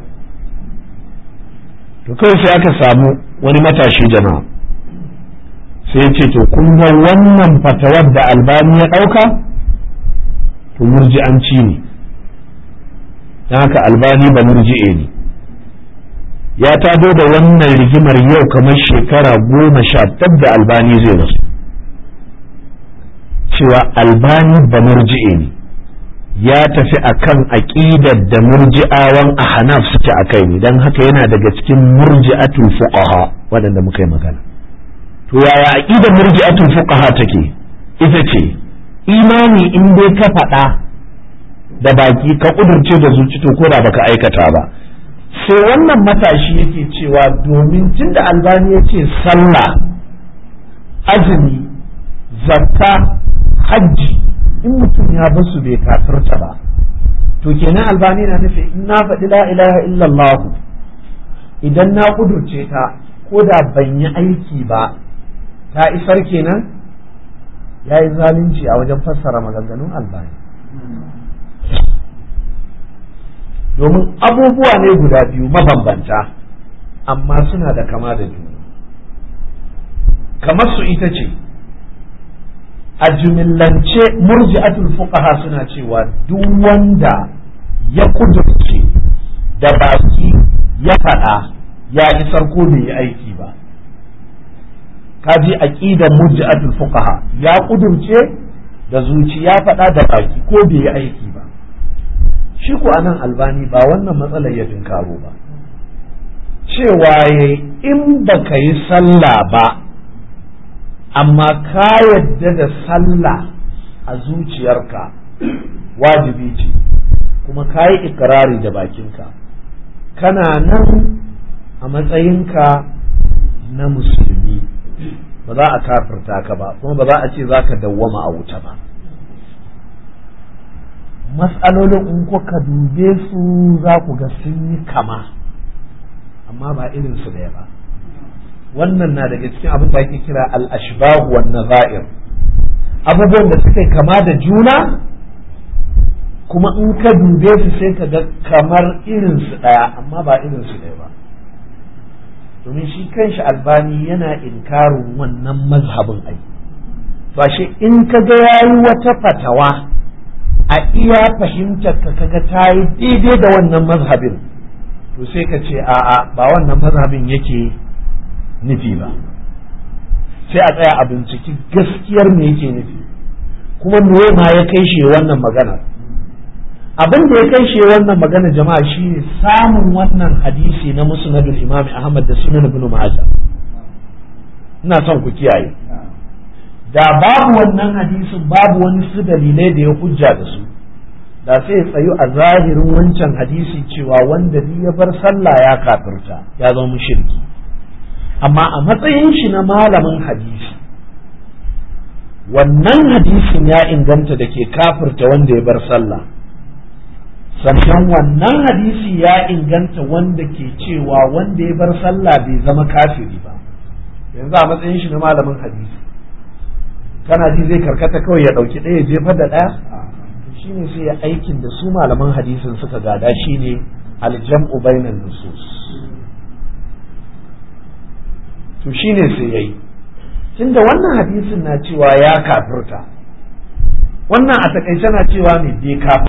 to kai sai aka samu wani matashi jama'a sai ya ce to kun ga wannan fatawar da albani ya dauka to murji'anci ne don haka albani ba murji'e ne ya tado da wannan rigimar yau kamar shekara goma sha da albani zai rasu cewa albani ba murji'e ne ya tafi a kan aƙidar da murji'awan ahnaf suke a kai ne don haka yana daga cikin murji'atul fuqaha waɗanda muka yi magana to yaya aƙidar murji'atul fuqaha take ita ce imani in dai ka faɗa da baƙi ka ƙudurce da zuci to ko baka aikata ba sai wannan matashi yake cewa domin tun da albani yace sallah azumi zakka hajji in mutum ya basu bai kafirta ba to kenan albani na nufi in na faɗi la ilaha illallah idan na kudurce ta ko da ban yi aiki ba ta isar kenan ya yi zalunci a wajen fassara maganganun albani domin abubuwa ne guda biyu mabambanta amma suna da kama da juna kamar su ita ce a murji murji'atul fuqaha suna cewa duk wanda ya kudurce da baki ya faɗa ya isar ko bai yi aiki ba Ka kaji aqidar murji'atul fuqaha ya kudurce da zuci ya faɗa da baki ko bai yi aiki ba shi ko anan albani ba wannan matsalar ya tunkaro ba cewa yayi in baka yi sallah ba amma ka yadda da sallah a zuciyarka wajibi ce kuma ka yi ikirari da bakinka kana nan a matsayinka na musulmi ba za a kafirta ka ba kuma ba za a ce za ka dawwama a wuta ba matsalolin in kuka dube su za ku ga sun yi kama amma ba irin su ya ba wannan na daga cikin abin da ake kira al-ashbah wan abubuwan da suka kama da juna kuma in ka dube su sai ka ga kamar irin su daya amma ba irin su ba domin shi kanshi albani yana inkarin wannan mazhabin ai Ba shi in ka ga yayi wata fatawa a iya fahimtar ka ga ta yi daidai da wannan mazhabin to sai ka ce a'a ba wannan mazhabin yake nufi ba sai a tsaya a binciki gaskiyar mu yake nufi kuma me ma ya kai shi wannan magana abin da ya kai shi wannan magana jama'a shine samun wannan hadisi na musnadul imam ahmad da sunan ibn majah ina son ku kiyaye da babu wannan hadisin babu wani su dalilai da ya hujja da su da sai tsayu a zahirin wancan hadisi cewa wanda ya bar sallah ya kafirta ya zama mushriki amma a matsayin shi na malamin hadisi wannan hadisin ya inganta da ke kafirta wanda ya bar sallah sannan wannan hadisi ya inganta wanda ke cewa wanda ya bar sallah bai zama kafiri ba yanzu a matsayin shi na malamin hadisi kana ji zai karkata kawai ya ɗauki ɗaya jefar da ɗaya shi ne sai ya aikin da su malaman hadisin suka gada shi ne aljam'u bainan nusus to ne sai yayi tunda wannan hadisin na cewa ya kafirta wannan a takaice na cewa ne bai kafirta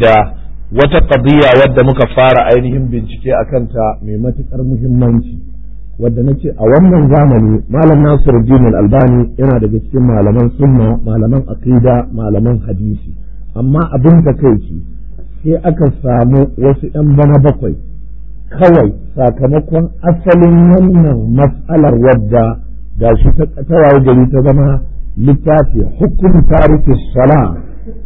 da wata ƙabiya wadda muka fara ainihin bincike a kanta mai matuƙar muhimmanci wanda nace a wannan zamani malam nasiru al albani yana daga cikin malaman sunna malaman aqida malaman hadisi amma abin da kai ce sai aka samu wasu ɗan bana bakwai kawai sakamakon asalin wannan mas'alar wadda da shi ta waye gari ta zama littafi hukum tarikin sala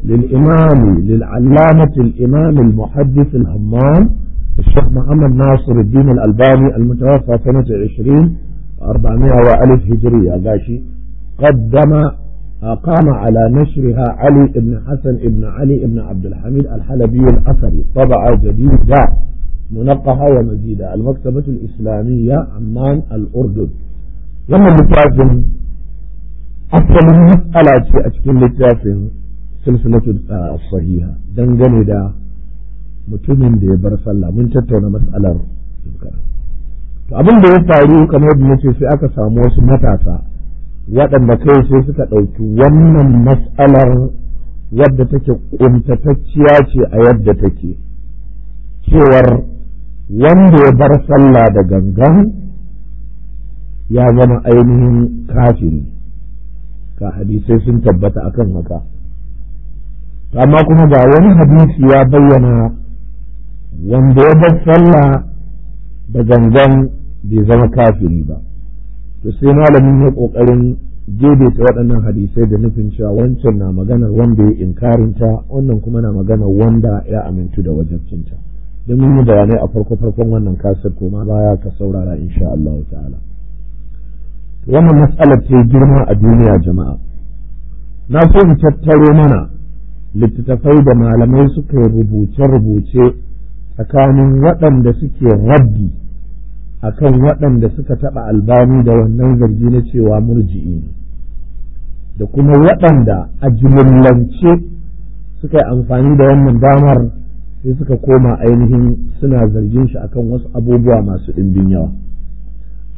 lil imami lil allamati al imam al muhaddis al hammam الشيخ محمد ناصر الدين الألباني المتوفى سنة 20 400 وألف هجرية غاشي قدم أقام على نشرها علي بن حسن بن علي بن عبد الحميد الحلبي الأثري طبعة جديدة منقحة ومزيدة المكتبة الإسلامية عمان الأردن لما بتاعتهم أفضل مسألة في أشكال التافه سلسلة آه، الصحيحة دنجندا mutumin da ya bar sallah mun tattauna matsalar to abin da ya faru kamar yadda nace sai aka samu wasu matasa waɗanda kai sai suka ɗauki wannan matsalar wadda take ƙuntatacciya ce a yadda take cewar wanda ya bar sallah da gangan ya zama ainihin kafiri ka hadisai sun tabbata akan haka amma kuma ga wani hadisi ya bayyana wanda ya bar sallah da gangan bai zama kafiri ba to sai malamin ya kokarin ta waɗannan hadisai da nufin cewa wancan na maganar wanda ya inkarinta wannan kuma na maganar wanda ya amintu da wajabcinta don mun yi bayanai a farko farkon wannan kasar koma baya ka saurara insha Allah ta'ala wannan matsalar ta girma a duniya jama'a na so in tattaro mana littattafai da malamai suka yi rubuce-rubuce tsakanin waɗanda suke raddi kan waɗanda suka taɓa albani da wannan zargi na cewa murji'i ne da kuma waɗanda a jimillance suka yi amfani da wannan damar sai suka koma ainihin suna zargin shi akan wasu abubuwa masu ɗimbin yawa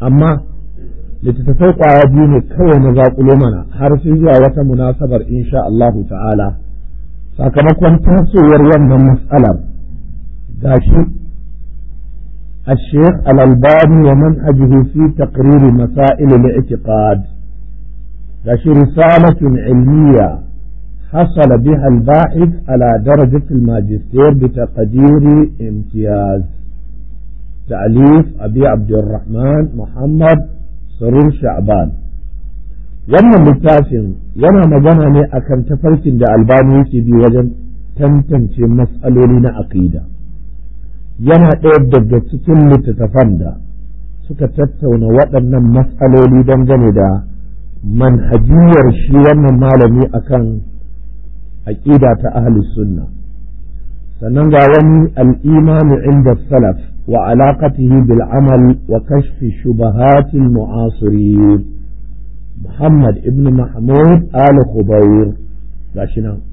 amma littattafai ƙwaya biyu ne kawai na zaƙulo mana har sai zuwa wata munasabar insha Allahu ta'ala sakamakon tasowar wannan matsalar داشي الشيخ الألباني ومنهجه في تقرير مسائل الاعتقاد داشي رسالة علمية حصل بها الباحث على درجة الماجستير بتقدير امتياز تأليف أبي عبد الرحمن محمد سرور شعبان wannan littafin yana magana ne تفلسن tafarkin da في yake bi في مسألة لنا عقيده yana ɗaya daga cikin littattafan da suka tattauna waɗannan matsaloli dangane da manhajiyar shi wannan malami akan aƙida ta ahli sunna sannan ga wani al'imanu inda salaf wa alaƙatihi bil amal wa kashfi shubahatil mu'asiri muhammad ibn mahmud al-khubayr gashi nan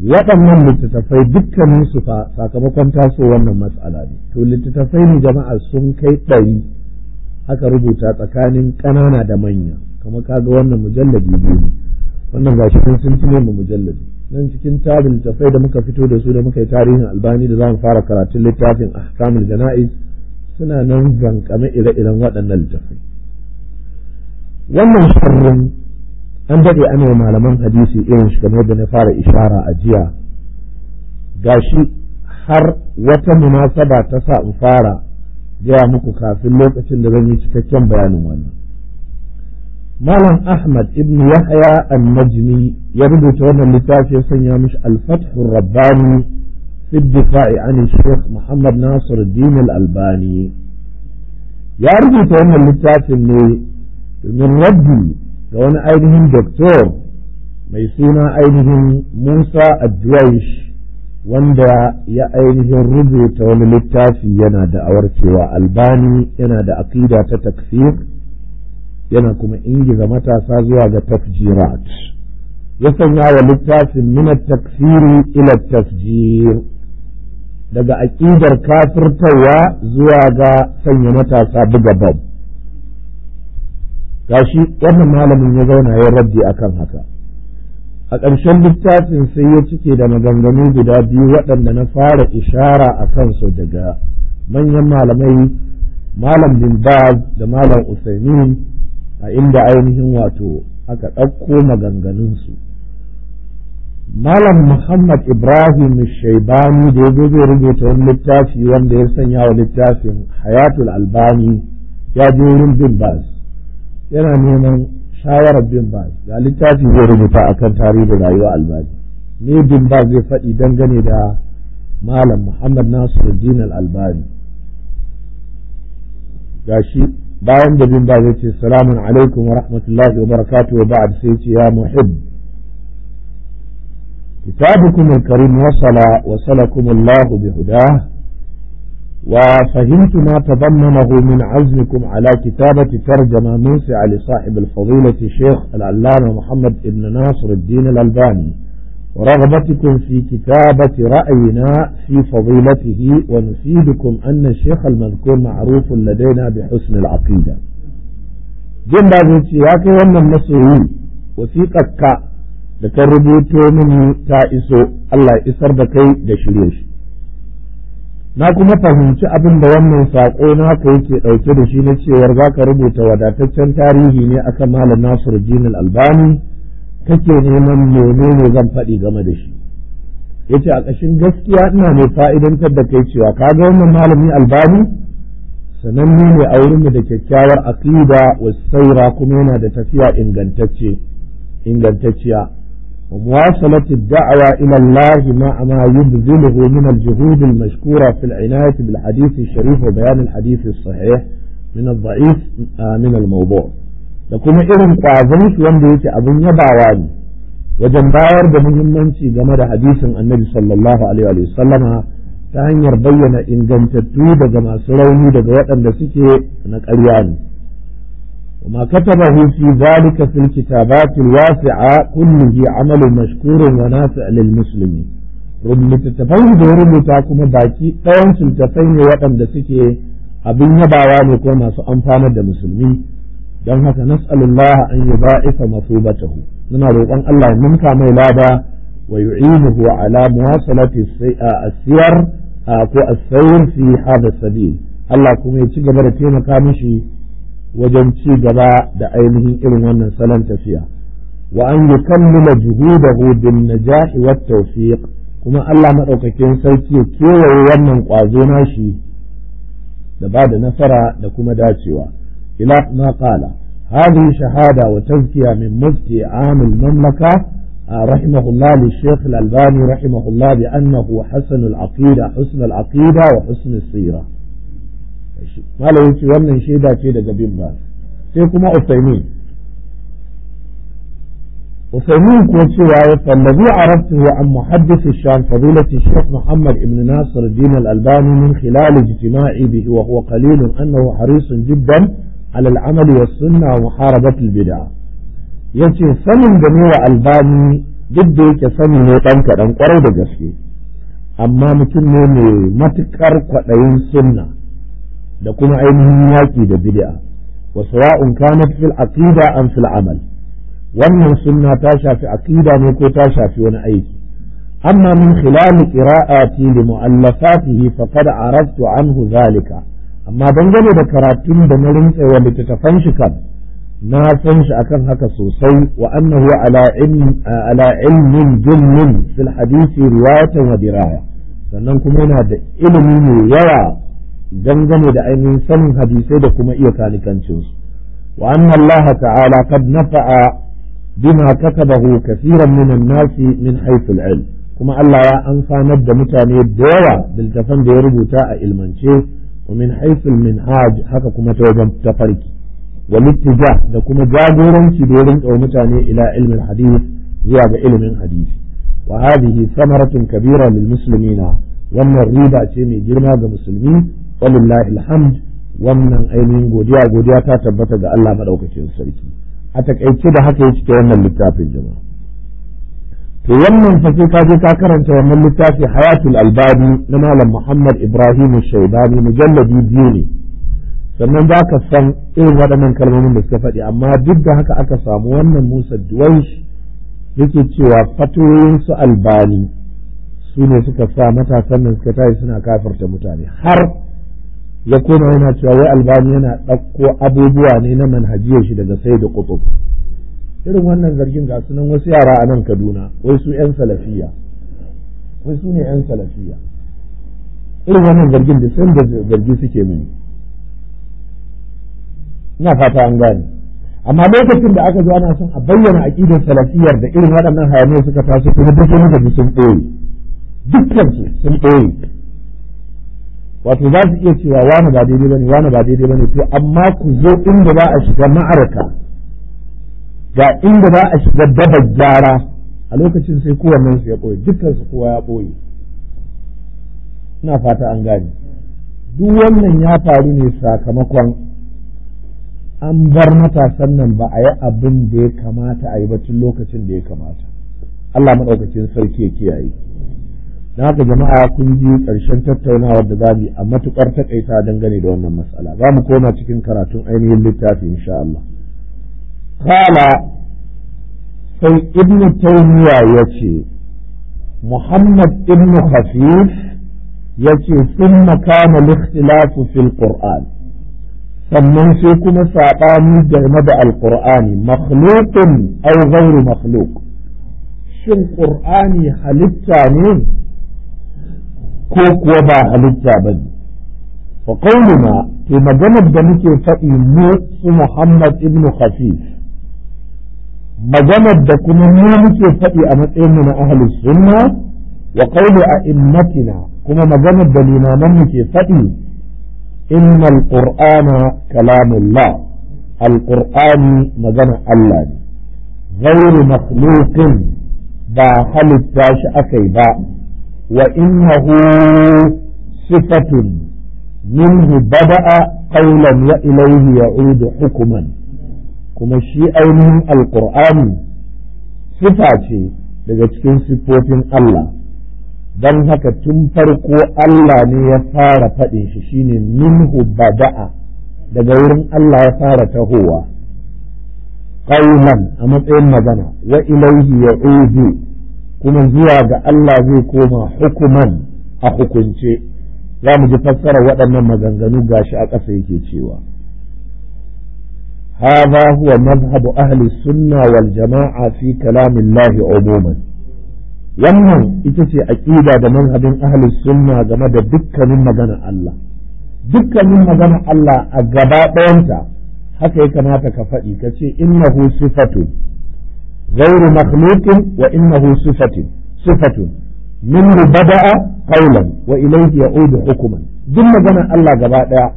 waɗannan littattafai dukkanin su sakamakon taso wannan matsala ne to littattafai ne jama'a sun kai ɗari aka rubuta tsakanin ƙanana da manya kama kaga wannan mujallabi biyu ne wannan gashi kun sun fi mu mujallabi nan cikin tarin littattafai da muka fito da su da muka yi tarihin albani da zamu fara karatun littafin ahkamul jana'iz suna nan zankame ire-iren waɗannan littattafai wannan sharrin an dade ana yi malaman hadisi irin shi kamar da na fara ishara a jiya gashi har wata munasaba ta sa in fara gaya muku kafin lokacin da zan yi cikakken bayanin wannan malam ahmad ibn yahya an-najmi ya rubuta wannan littafi ya sanya mishi al-fath rabbani fi difa'i an shaykh muhammad nasir din al-albani ya rubuta wannan littafin ne domin rabbi ga wani ainihin doktor mai suna ainihin Musa Adwaish wanda ya ainihin rubuta wani littafi yana da cewa albani yana da aƙida ta takfir yana kuma ingiza matasa zuwa ga tafjirat ya sanya wa littafin mina takfiri ila tafjir daga aƙidar kafirtarwa zuwa ga sanya matasa buga bab gashi wannan malamin ya zauna ya rabbi akan haka a ƙarshen littafin sai ya cike da maganganu guda biyu waɗanda na fara ishara a kansu daga manyan malamai malam bin baz da malam usaimin a inda ainihin wato aka ɗauko maganganunsu malam muhammad ibrahim shaibani da ya zai rubuta wani littafi wanda ya sanya wa littafin hayatul albani ya je wurin bin baz yana neman shawarar bin ba ga littafi zai rubuta a kan tarihin rayuwa albani ne bin ba zai faɗi dangane da malam muhammad nasiruddin al-albani gashi bayan da bin ba zai ce salamun alaikum wa rahmatullahi wa barakatu wa ba'd sai ce ya muhibb karim wasala وصل وصلكم bi huda. وفهمت ما تضمنه من عزمكم على كتابة ترجمة موسعة لصاحب الفضيلة الشيخ العلامة محمد بن ناصر الدين الألباني ورغبتكم في كتابة رأينا في فضيلته ونفيدكم أن الشيخ المذكور معروف لدينا بحسن العقيدة جمع من ce ya النصري wannan masoyi wasiƙarka مني تائس الله إسر بكي دشريش na kuma fahimci abin da wannan saƙo naka yake ɗauke da shi na cewar za ka rubuta wadataccen tarihi ne akan malam nasiru jinil albani kake neman menene zan faɗi game da shi Ya ce a ƙashin gaskiya ina mai fa'idan da kai cewa ka ga wannan malami albani sananne ne a wurinmu da kyakkyawar aƙida wasu saura kuma yana da tafiya ingantacciya ومواصلة الدعوة إلى الله مع ما يبذله من الجهود المشكورة في العناية بالحديث الشريف وبيان الحديث الصحيح من الضعيف من الموضوع لكم إرم قاضيك وانديك أبن يبعواني وجنباير بمهمنتي جمد حديث النبي صلى الله عليه وسلم ta hanyar bayyana ingantattu daga masu rauni daga waɗanda suke na ƙarya ne وما كتبه في ذلك في الكتابات الواسعة كله عمل مشكور ونافع للمسلمين littattafai da ya rubuta kuma baki ɗayan littattafai ne waɗanda suke abin yabawa ne ko masu amfanar da musulmi don haka nas'alullah an yi ba'isa masubatahu muna roƙon Allah ya ninka mai lada wa yu'inuhu ala muwasalati asiyar siyar ko asayir sayr fi hadha sabil Allah kuma ya ci gaba da taimaka mishi wajen ci gaba da ainihin irin wannan salon tafiya wa an yi juhudahu bin najahi wat tawfiq kuma Allah maɗaukakin sarki ya kewaye wannan kwazo nashi da ba da nasara da kuma dacewa ila na qala hadhihi shahada wa tazkiya min mufti amil mamlaka رحمه الله albani rahimahullah bi annahu بأنه حسن العقيدة aqida wa وحسن السيرة malam yace wannan shaida ce daga bin ba sai kuma usaimin وسمين كوتشي فالذي عرفته عن محدث الشام فضيلة الشيخ محمد بن ناصر الدين الألباني من خلال اجتماعي به وهو قليل أنه حريص جدا على العمل والسنة ومحاربة البدع يتي سمن جميع ألباني ضد كسمن يطنك أن قرد جسكي أما متن متكر قطعين سنة da kuma ainihin yaƙi da bid'a wa sawa'un kanat fil aqida am fil amal wannan sunna ta shafi aqida ne ko ta shafi wani aiki amma min khilal qira'ati li mu'allafatihi faqad araftu anhu zalika amma dangane da karatun da na rintsa wa littattafan shi kan na san shi akan haka sosai wa annahu ala ilmin ala ilmin jummin fil hadisi riwayatan wa diraya sannan kuma yana da ilimi mai yawa dangane da ainihin sanin hadisai da kuma iya kalikancinsu wa anna Allah ta'ala kad nafa'a bima katabahu kaseeran min an-nas min haythu al kuma Allah ya amfanar da mutane da yawa biltafan da ya rubuta a ilmance wa min haythu al-minhaj haka kuma ta wajen tafarki wa littija da kuma jagoranci da ya mutane ila ilmin hadith zuwa ga ilmin hadisi wa hadhihi samaratun kabira lil muslimina wannan riba ce mai girma ga musulmi walillahi alhamd wannan ainihin godiya godiya ta tabbata ga Allah madaukakin sarki a takaice da haka ya cike wannan littafin jama'a to wannan fa ka je ka karanta wannan littafi hayatul albani na malam Muhammad Ibrahim Shaibani mujalladi biyu ne sannan za ka san irin waɗannan kalmomin da suka faɗi amma duk da haka aka samu wannan Musa Duwaish yake cewa fatoyin su albani su ne suka sa matasan nan suka tashi suna kafarta mutane har ya koma yana cewa wai albani yana ɗauko abubuwa ne na manhajiyar shi daga sai da kutub irin wannan zargin ga sunan wasu yara a nan kaduna wai su yan salafiya wai su ne yan salafiya irin wannan zargin da sun da zargi suke mini ina fata an gane amma lokacin da aka zo ana son a bayyana aƙidar salafiyar da irin waɗannan hayaniyar suka taso kuma duk wani da sun ɓoye dukkan su sun ɓoye wato za su iya cewa wani ba daidai bane wani ba daidai bane to amma ku zo inda za a shiga ma'arka ga inda za a shiga dabar gyara a lokacin sai kowannen su ya ɓoye dukkan su kowa ya ɓoye ina fata an gane duk wannan ya faru ne sakamakon an bar matasan nan ba a yi abin da ya kamata a yi ba lokacin da ya kamata Allah maɗaukacin sarki ya kiyaye da haka jama'a kun ji ƙarshen tattaunawar da zamu a matuƙar takaita dangane da wannan matsala za mu koma cikin karatun ainihin littafi insha Allah kala sai ibn taymiya ce muhammad ibn khafif yace ce sun makama ikhtilaf fil qur'an sannan sai kuma saɓani game da alƙur'ani makhlukun aw ghairu makhluk. shin ƙur'ani halitta ne كوك وبا هلتا بني فقولنا في مجنة دنيك فأي موت محمد ابن خفيف مجنة دكنا نيك فأي أمتين أهل السنة وقول أئمتنا كما مجنة دنينا نيك فأي إن القرآن كلام الله القرآن مجنة الله غير مخلوق با خلق تاش أكي وإنه صفة منه بدأ قولا وإليه يعود حكما كما شيء من القرآن صفة daga cikin sifofin Allah don haka tun farko Allah ne ya fara faɗin shi shine minhu bada'a daga wurin Allah ya fara tahowa qaulan a matsayin magana wa ilaihi ya'udu kuma zuwa ga Allah zai koma hukuman a hukunce za mu ji fassara waɗannan maganganu ga shi a ƙasa yake cewa هذا هو مذهب أهل السنة والجماعة في كلام الله عموما wannan ita ce aƙida da manhajin ahlus sunna game da dukkanin magana Allah dukkanin magana Allah a gaba ɗayanta haka ya kamata ka faɗi ka ce innahu sifatun غير مخلوق وإنه صفة صفة منه بدأ قولا وإليه يعود حكما ثم جنا الله جبادا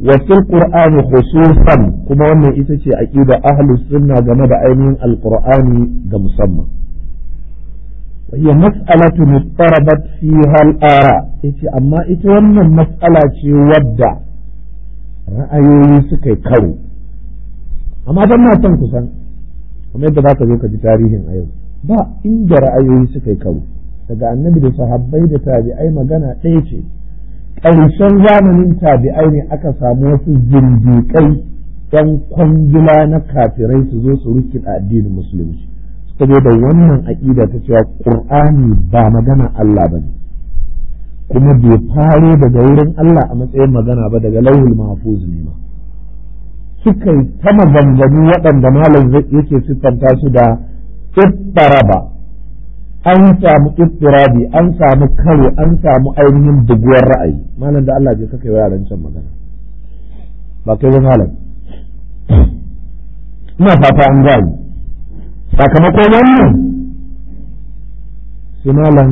وفي القرآن خصوصا كما وانا إتتي أكيد أهل السنة جمد أيمين القرآن جمسمى وهي مسألة اضطربت فيها الآراء إتي أما إتي وانا مسألة ودع رأيي سكي قوي أما دمنا تنكسا kuma yadda za ka zo ka ji tarihin a yau ba inda ra'ayoyi suka yi karu. daga annabi da sahabbai da tabi'ai magana ɗaya ce ƙarshen zamanin tabi'ai ne aka samu wasu zindiƙai ɗan kwangila na kafirai su zo su rikida addinin musulunci suka zo da wannan aƙida ta cewa ƙur'ani ba magana Allah ba ne kuma bai fare daga wurin Allah a matsayin magana ba daga lauhul mahfuz ne ba. suka yi ta maganganu waɗanda malam yake siffanta su da iftaraba an samu iftirabi an samu karo an samu ainihin buguwar ra'ayi malam da Allah je kakai yi yaran can magana ba kai ba malam ina fata an gani sakamakon wannan su malam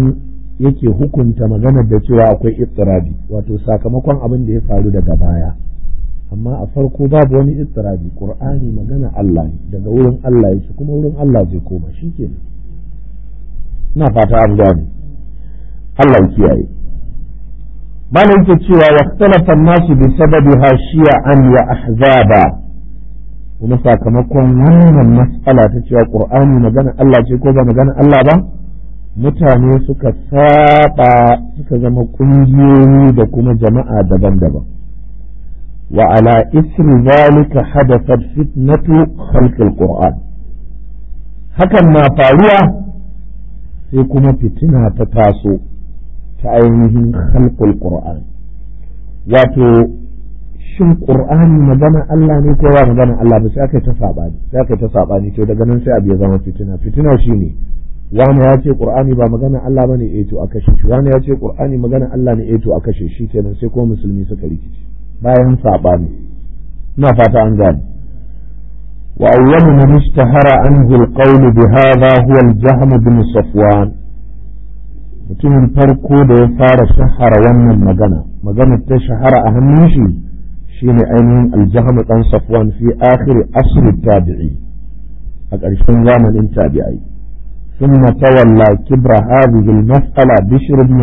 yake hukunta maganar da cewa akwai iftirabi wato sakamakon abin da ya faru daga baya amma a farko babu wani istirabi qur'ani magana Allah ne daga wurin Allah yake kuma wurin Allah zai koma shikenan ina fata an gane Allah ya kiyaye bana yake cewa waqtalafa an-nasu bi hashiya an wa ahzaba kuma sakamakon wannan mas'ala ta cewa qur'ani magana Allah ce ko ba magana Allah ba mutane suka saba suka zama kungiyoyi da kuma jama'a daban-daban وعلى إثر ذلك حدثت فتنة خلق القرآن hakan na faruwa sai kuma fitina ta taso ta ainihin halkul ƙur'an wato shin ƙur'ani magana Allah ne ko ba magana Allah ba sai aka ta sabani sai aka ta sabani to daga nan sai abu ya zama fitina fitina shine wani ya ce ƙur'ani ba magana Allah bane eh to a kashe shi ya ce magana Allah ne to a kashe shi kenan sai kuma musulmi suka rikici bayan sabani na fata an gane وأول من اشتهر عنه القول بهذا هو الجهم bin safwan mutum farko da ya fara shahara wannan magana magana ta shahara a hannun shi shine ainihin aljaham dan safwan fi akhir asr tabi'i a ƙarshen zamanin tabi'ai thumma tawalla kibra hadhihi al-mas'ala bishr ibn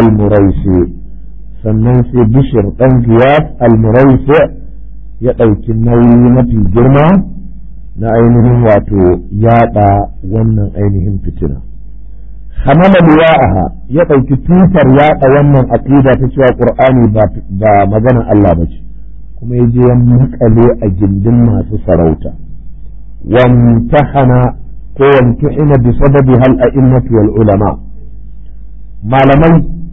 al-muraisi sannan sai bishir ɗan giyas almuraisi ya ɗauki nauyi mafi girma na ainihin wato yaɗa wannan ainihin fitina hamama liwa'aha ya ɗauki tutar yaɗa wannan aqida ta cewa qur'ani ba magana Allah ba ce kuma ya je ya makale a gindin masu sarauta wamtahana ko wamtuhina bi sababi hal a'immatu wal ulama malamai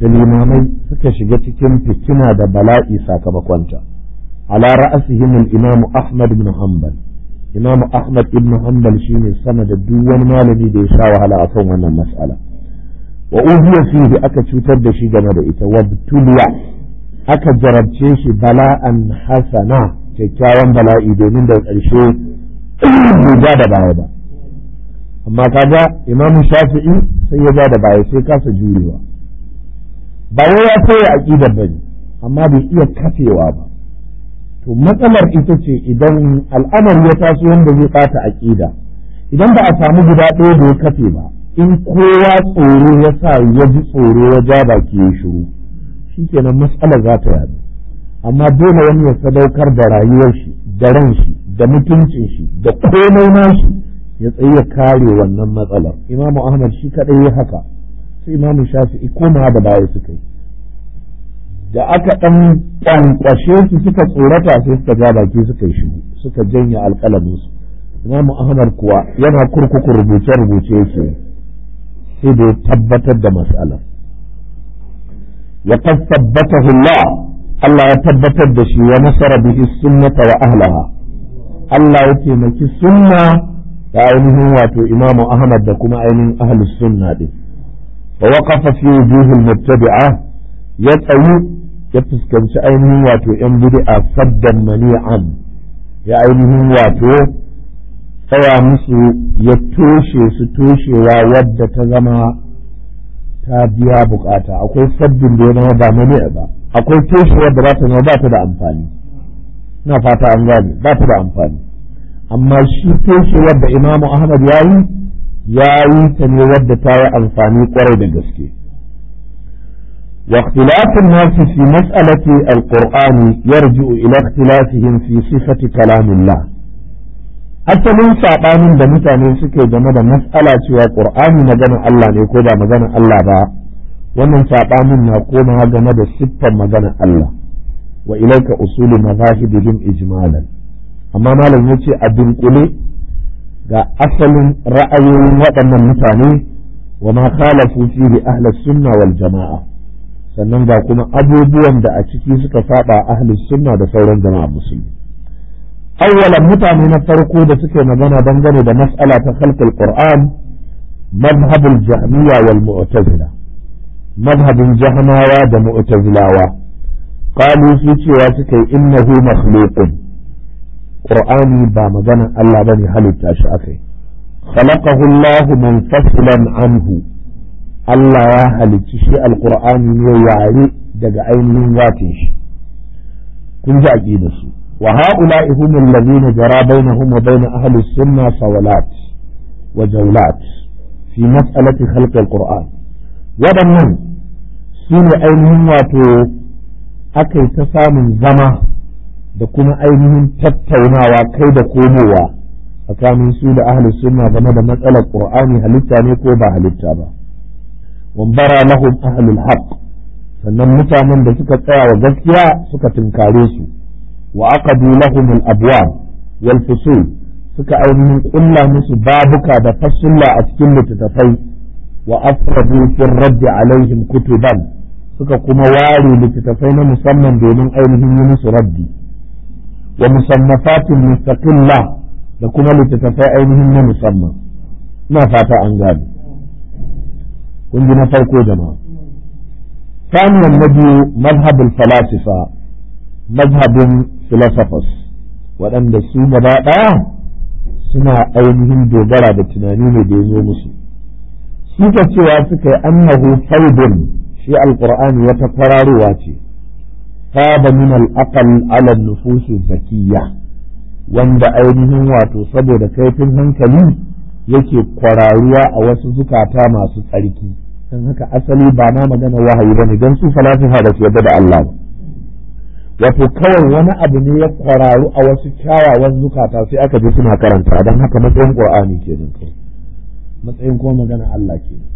da limamai suka shiga cikin fitina da bala'i sakamakonta ala ra'asihim al-imam Ahmad ibn Hanbal imam Ahmad ibn Hanbal shine sama da duk wani malami da ya sha wahala a kan wannan mas'ala wa uhiya fihi aka cutar da shi game da ita wa tuliya aka jarabce shi bala'an hasana kyakkyawan bala'i domin da ƙarshe ba da baya ba amma kaga imam Shafi'i sai ya ba da baya sai kasa jurewa ba wai ya koya aƙidar ba ne amma bai iya kafewa ba to matsalar ita ce idan al'amari ya taso wanda zai ɓata aƙida idan ba a samu guda ɗaya da ya kafe ba in kowa tsoro ya sa ya ji tsoro ya ja baki ya shiru kenan matsalar za ta yaɗu amma dole wani ya sadaukar da rayuwar shi da ran shi da mutuncin shi da komai shi ya tsaye kare wannan matsalar imamu ahmad shi kaɗai ya haka su imamu shafi'i komawa da baya suka yi da aka ɗan ƙwanƙwashe su suka tsorata sai suka ja baki suka yi suka janye alƙalamin su imamu ahmad kuwa yana kurkuku rubuce-rubuce sai da ya tabbatar da mas'alar ya tabbata Allah Allah ya tabbatar da shi ya nasara bihi sunnata wa ahlaha Allah ya taimaki sunna da ainihin wato imamu ahmad da kuma ainihin ahlus sunna din wa waqafa fi wujuhil ya tsayu ya fuskanci ainihin wato yan bid'a sabdan mani'an ya ainihin wato tsaya musu ya toshe su toshewa wadda ta zama ta biya bukata akwai sabbin da ya zama ba mani ba akwai toshewar da ba ta zama ba ta da amfani na fata an gane ba ta da amfani amma shi toshewar da imamu ahmad ya yi ya yi ta ne wadda ta yi amfani kwarai da gaske wa ikhtilafun nasu fi mas'alati alqur'ani yarji'u ila ikhtilafihim fi sifati kalamillah asalin saɓanin da mutane suke game da mas'ala cewa ƙur'ani maganin Allah ne ko ba maganar Allah ba wannan saɓanin na komawa game da siffar maganar Allah wa ilaika usulu mazahibihim ijmalan amma malam yace a dunkule ga asalin ra'ayoyin waɗannan mutane wa ma khalafu fihi ahlus sunna wal jama'a sannan ga kuma abubuwan da a ciki suka a ahli sunna da sauran jama'a musulmi awwalan mutane na farko da suke magana dangane da mas'ala ta khalqul qur'an madhhabul jahmiya wal mu'tazila madhhabin jahmawa da mu'tazilawa qalu su cewa suka yi innahu makhluqun qur'ani ba maganan Allah ba ne halitta shi akai khalaqahu Allah munfasilan anhu Allah ya halicci shi alqur'ani ne yare daga ainihin zatin shi kun ji da su wa haula'i hum alladhina jara bainahum wa bain ahli sunna sawalat wa jawlat fi mas'alati khalqi alqur'an wadannan su ne ainihin wato aka yi ta samun zama da kuma ainihin tattaunawa kai da komowa tsakanin su da ahli sunna game da matsalar qur'ani halitta ne ko ba halitta ba wambara lahum ahlul haqq sannan mutanen da suka tsaya wa gaskiya suka tunkare su wa aqadu lahum al-abwab wal fusul suka ainihin kulla musu babuka da fasulla a cikin littattafai wa afradu fi radd alaihim kutuban suka kuma ware littattafai na musamman domin ainihin yi musu raddi wa musannafatin mustaqilla da kuma littattafai ainihin na musamman ina fata an gane kun ji na farko jama'a ثانيا نبي مذهب الفلاسفة مذهب philosophers waɗanda su gaba ɗaya suna ainihin dogara da tunani ne da ya musu suka cewa suka yi annahu faidun shi alƙur'ani wata kwararowa ce saba min al'aqal ala nufusi wanda ainihin wato saboda kaifin hankali yake kwararuwa a wasu zukata masu tsarki don haka asali ba na magana wahayi ba ne don su falasifa da su yadda da Allah ba wato kawai wani abu ne ya kwararu a wasu kyawawan zukata sai aka je suna karanta don haka matsayin ƙur'ani kenan kai, matsayin ko magana Allah kenan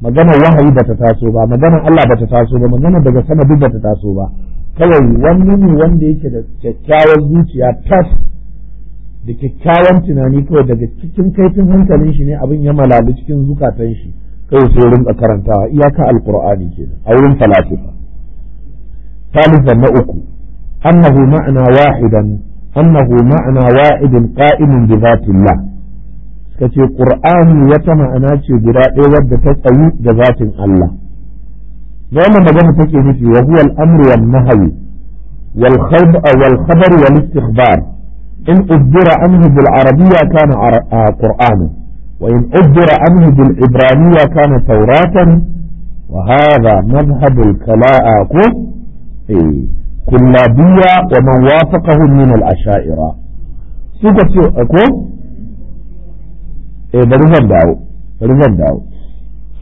maganar wahayi bata taso ba maganar Allah bata taso ba maganar daga sanadi bata taso ba kawai wani ne wanda yake da kyakkyawar zuciya tas da kyakkyawan tunani kawai daga cikin kaifin hankalin shi ne abin ya malalu cikin zukatan shi kawai sai rinka karantawa iyaka alqur'ani kenan a wurin falasifa na uku, أنه معنى واحدا أنه معنى واحد قائم بذات الله kace qur'ani ƙur'ani wata ma'ana ce guda ɗaya wadda ta tsayi da zatin Allah wannan magana take nufi wa huwa al-amru wa nahyi wal khawb wal khabar wal istikhbar in ubbira anhu bil arabiyya kana qur'ana wa in ubbira anhu bil ibraniyya kana tawratan wa hadha madhhab al kala'a ku kullabiyya wa man wafaqahu min al ashaira suka ce ko e bari dawo bari dawo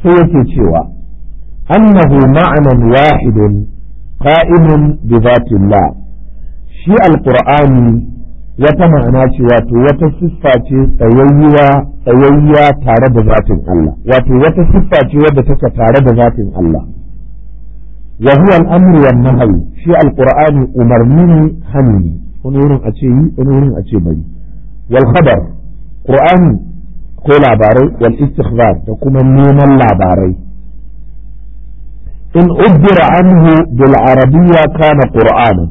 sai yake cewa annahu ma'anan wahidun qa'imun bi zatillah shi alqur'ani wata ma'ana ce wato wata siffa ce tsayayya tare da zatin Allah wato wata siffa ce wadda take tare da zatin Allah wa huwa al-amru shi al-qur'ani umarni hanni wani wurin a ce yi wani wurin a ce bari wal khabar qur'ani ko labarai wal istighfar da kuma neman labarai in ubbira anhu bil arabiyya kana qur'ana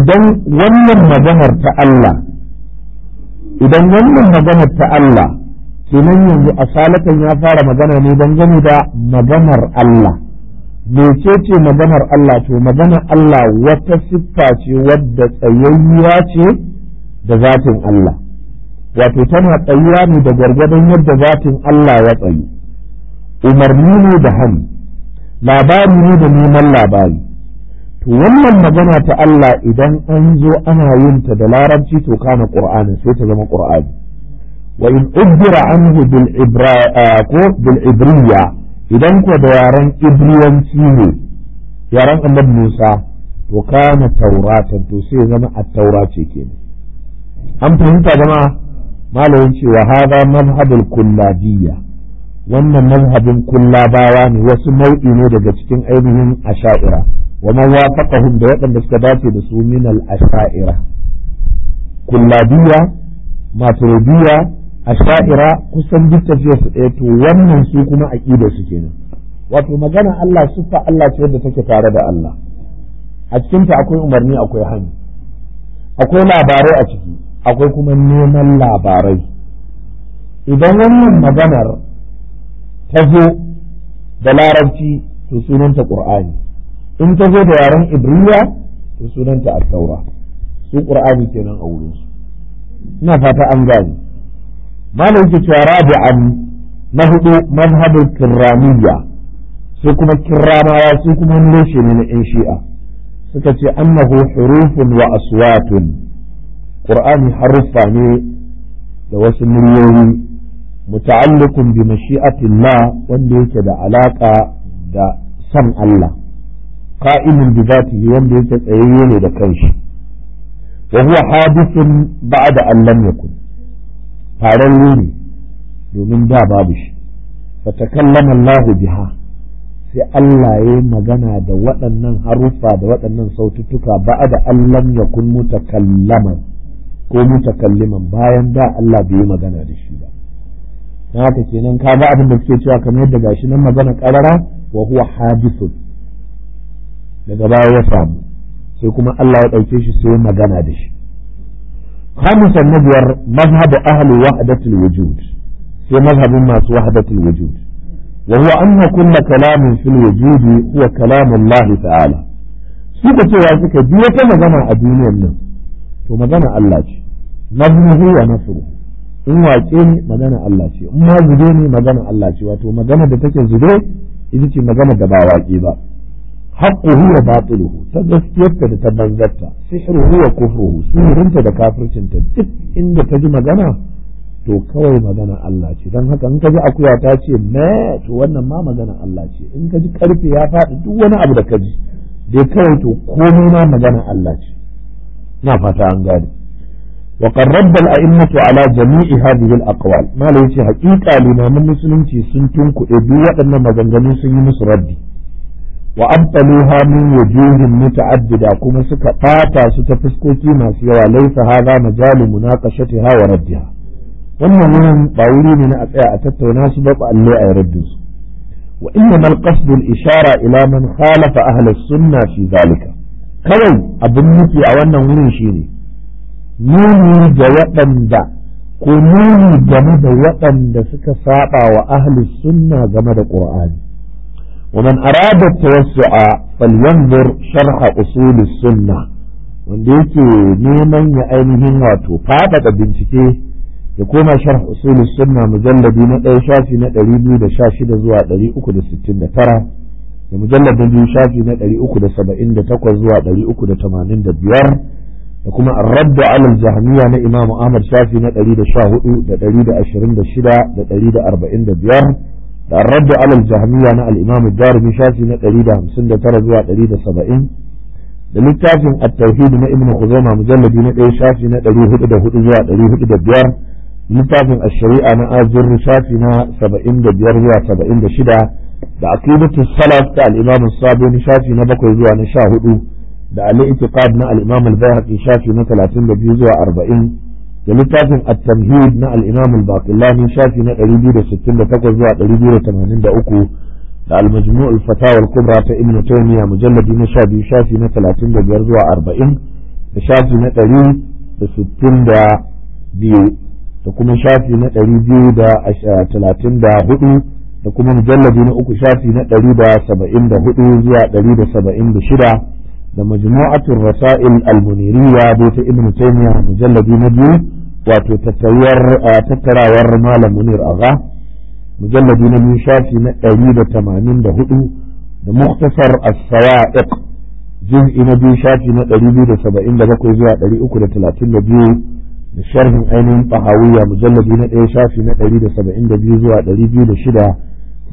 idan wannan maganar ta Allah idan wannan maganar ta Allah kenan yanzu asalatan ya fara magana ne dangane da maganar Allah mece ce maganar Allah to maganar Allah wata siffa ce wadda tsayayya ce da zatin Allah wato tana tsayuwa ne da gargadon yadda zatin Allah ya tsayu umarni ne da han labari ne da neman labari to wannan magana ta Allah idan an zo ana yin ta da larabci to kama qur'ani sai ta zama qur'ani wa in ubira anhu bil ibra ko bil ibriya idan ko da yaran ibriyanci ne yaran annabi Musa to kana tauratan to sai zama at-taura ce kenan an fahimta jama'a malamin cewa haza mazhabul kullabiyya wannan mazhabin kullabawa ne wasu nau'i ne daga cikin ainihin asha'ira wa man wafaqahum da waɗanda suka dace da su min al asha'ira kullabiyya maturidiyya asha'ira kusan duk tafiyar su ɗaya to wannan su kuma aqida su kenan wato magana Allah siffa Allah ce da take tare da Allah a cikinta akwai umarni akwai hani akwai labarai a ciki akwai kuma neman labarai idan wannan maganar ta zo da larabci to sunanta ƙur'ani in ta zo da yaren ibriya to sunanta attaura su ƙur'ani kenan a wurinsu ina fata an gane malam ke cewa rabi'an na hudu manhajar kirramiyya su kuma kirramawa su kuma wani ne na 'yan shi'a suka ce annahu hurufun wa aswatun ƙur'ani haruffa ne da wasu miliyoyi muta'alliqun bi mashi'atillah wanda yake da alaƙa da san Allah qa'imun bi zatihi wanda yake tsayayye ne da kanshi wa huwa hadithun ba'da an lam yakun faran ne domin da babu shi fatakallama lahu jiha. sai Allah ya magana da waɗannan haruffa da waɗannan saututtuka ba'da an lam yakun mutakallaman ko mutakalliman bayan da Allah bai magana da shi ba dan haka kenan ka ga abin da suke cewa kamar yadda gashi nan magana karara wa huwa hadithun daga baya ya samu sai kuma Allah ya ɗauke shi sai magana da shi خامسا نبير مذهب ahli وحدة wujud sai مذهب masu وحدة wujud وهو أن كل كلام kalamin الوجود هو كلام الله تعالى suka cewa suka bi ta magana a duniyar nan to magana Allah ce nazmuhu wa nasru in waƙe ne magana Allah ce in ma zube ne magana Allah ce wato magana da take zube ita ce magana da ba waƙe ba haqquhu wa batiluhu ta gaskiyarta da ta banzarta sihruhu wa kufruhu sihirinta da kafircinta duk inda ta ji magana to kawai magana Allah ce don haka in ka ji akuya ta ce me to wannan ma magana Allah ce in ka ji karfe ya faɗi duk wani abu da ka ji dai kawai to komai ma magana Allah ce na fata an gane wa qarrabba al-a'immatu ala jami'i hadhihi al-aqwal mala yace haƙiƙa limamin musulunci sun tunkuɗe duk waɗannan maganganu sun yi musu raddi wa abtaluha min wujuhin muta'addida kuma suka ɓata su ta fuskoki masu yawa laysa hadha majalu munaqashatiha wa raddiha wannan wurin ba wuri ne na a tsaya a tattauna su ba allo a raddin su wa innamal qasdu al-ishara ila man khalafa ahli sunna sunnah fi zalika kawai abin nufi a wannan wurin shi ne nuni da waɗanda ko nuni game da waɗanda suka saɓa wa ahli sunna game da ƙur'ani ومن أراد التوسع فلينظر شرح أصول السنة wanda yake neman ya ainihin wato faɗaɗa bincike ya koma sharh usulus sunna mujalladi na ɗaya shafi na ɗari biyu da sha shida zuwa ɗari uku da sittin da tara da mujalladin biyu shafi na 378 zuwa 385 da kuma ar-raddu ala al-jahmiya na Imam Ahmad shafi na 114 da 126 da 145 da ar-raddu ala al-jahmiya na al-Imam ad-Darimi shafi na 159 zuwa 170 da littafin at-tauhid na Ibn Khuzaimah mujalladi na 1 shafi na 404 zuwa 405 littafin ash na azurri shafi na 75 zuwa da aqidatu salaf ta al-imam as-sabuni shafi na bakwai zuwa na sha hudu da al-i'tiqad na al-imam al-bayhaqi shafi na talatin da biyu zuwa arba'in da littafin at-tamhid na al-imam al-baqillani shafi na ɗari biyu da sittin da takwas zuwa ɗari biyu da tamanin da uku da al-majmu' al-fatawa al-kubra ta ibn taymiyyah mujalladi na sha biyu shafi na talatin da biyar zuwa arba'in da shafi na ɗari da sittin da biyu da kuma shafi na ɗari biyu da talatin da hudu da kuma mujallabi na uku shafi na ɗari da saba'in da hudu zuwa ɗari da saba'in da shida da majmu'atul rasail al-muniriya da ta ibnu taymiya mujalladi na biyu wato tattarawar malam munir agha mujallabi na biyu shafi na ɗari da tamanin da hudu da muktasar as-sawa'iq juz'i na biyu shafi na ɗari biyu da saba'in da bakwai zuwa ɗari uku da talatin da biyu da sharhin ainihin tahawiyya mujallabi na ɗaya shafi na ɗari da saba'in da biyu zuwa ɗari biyu da shida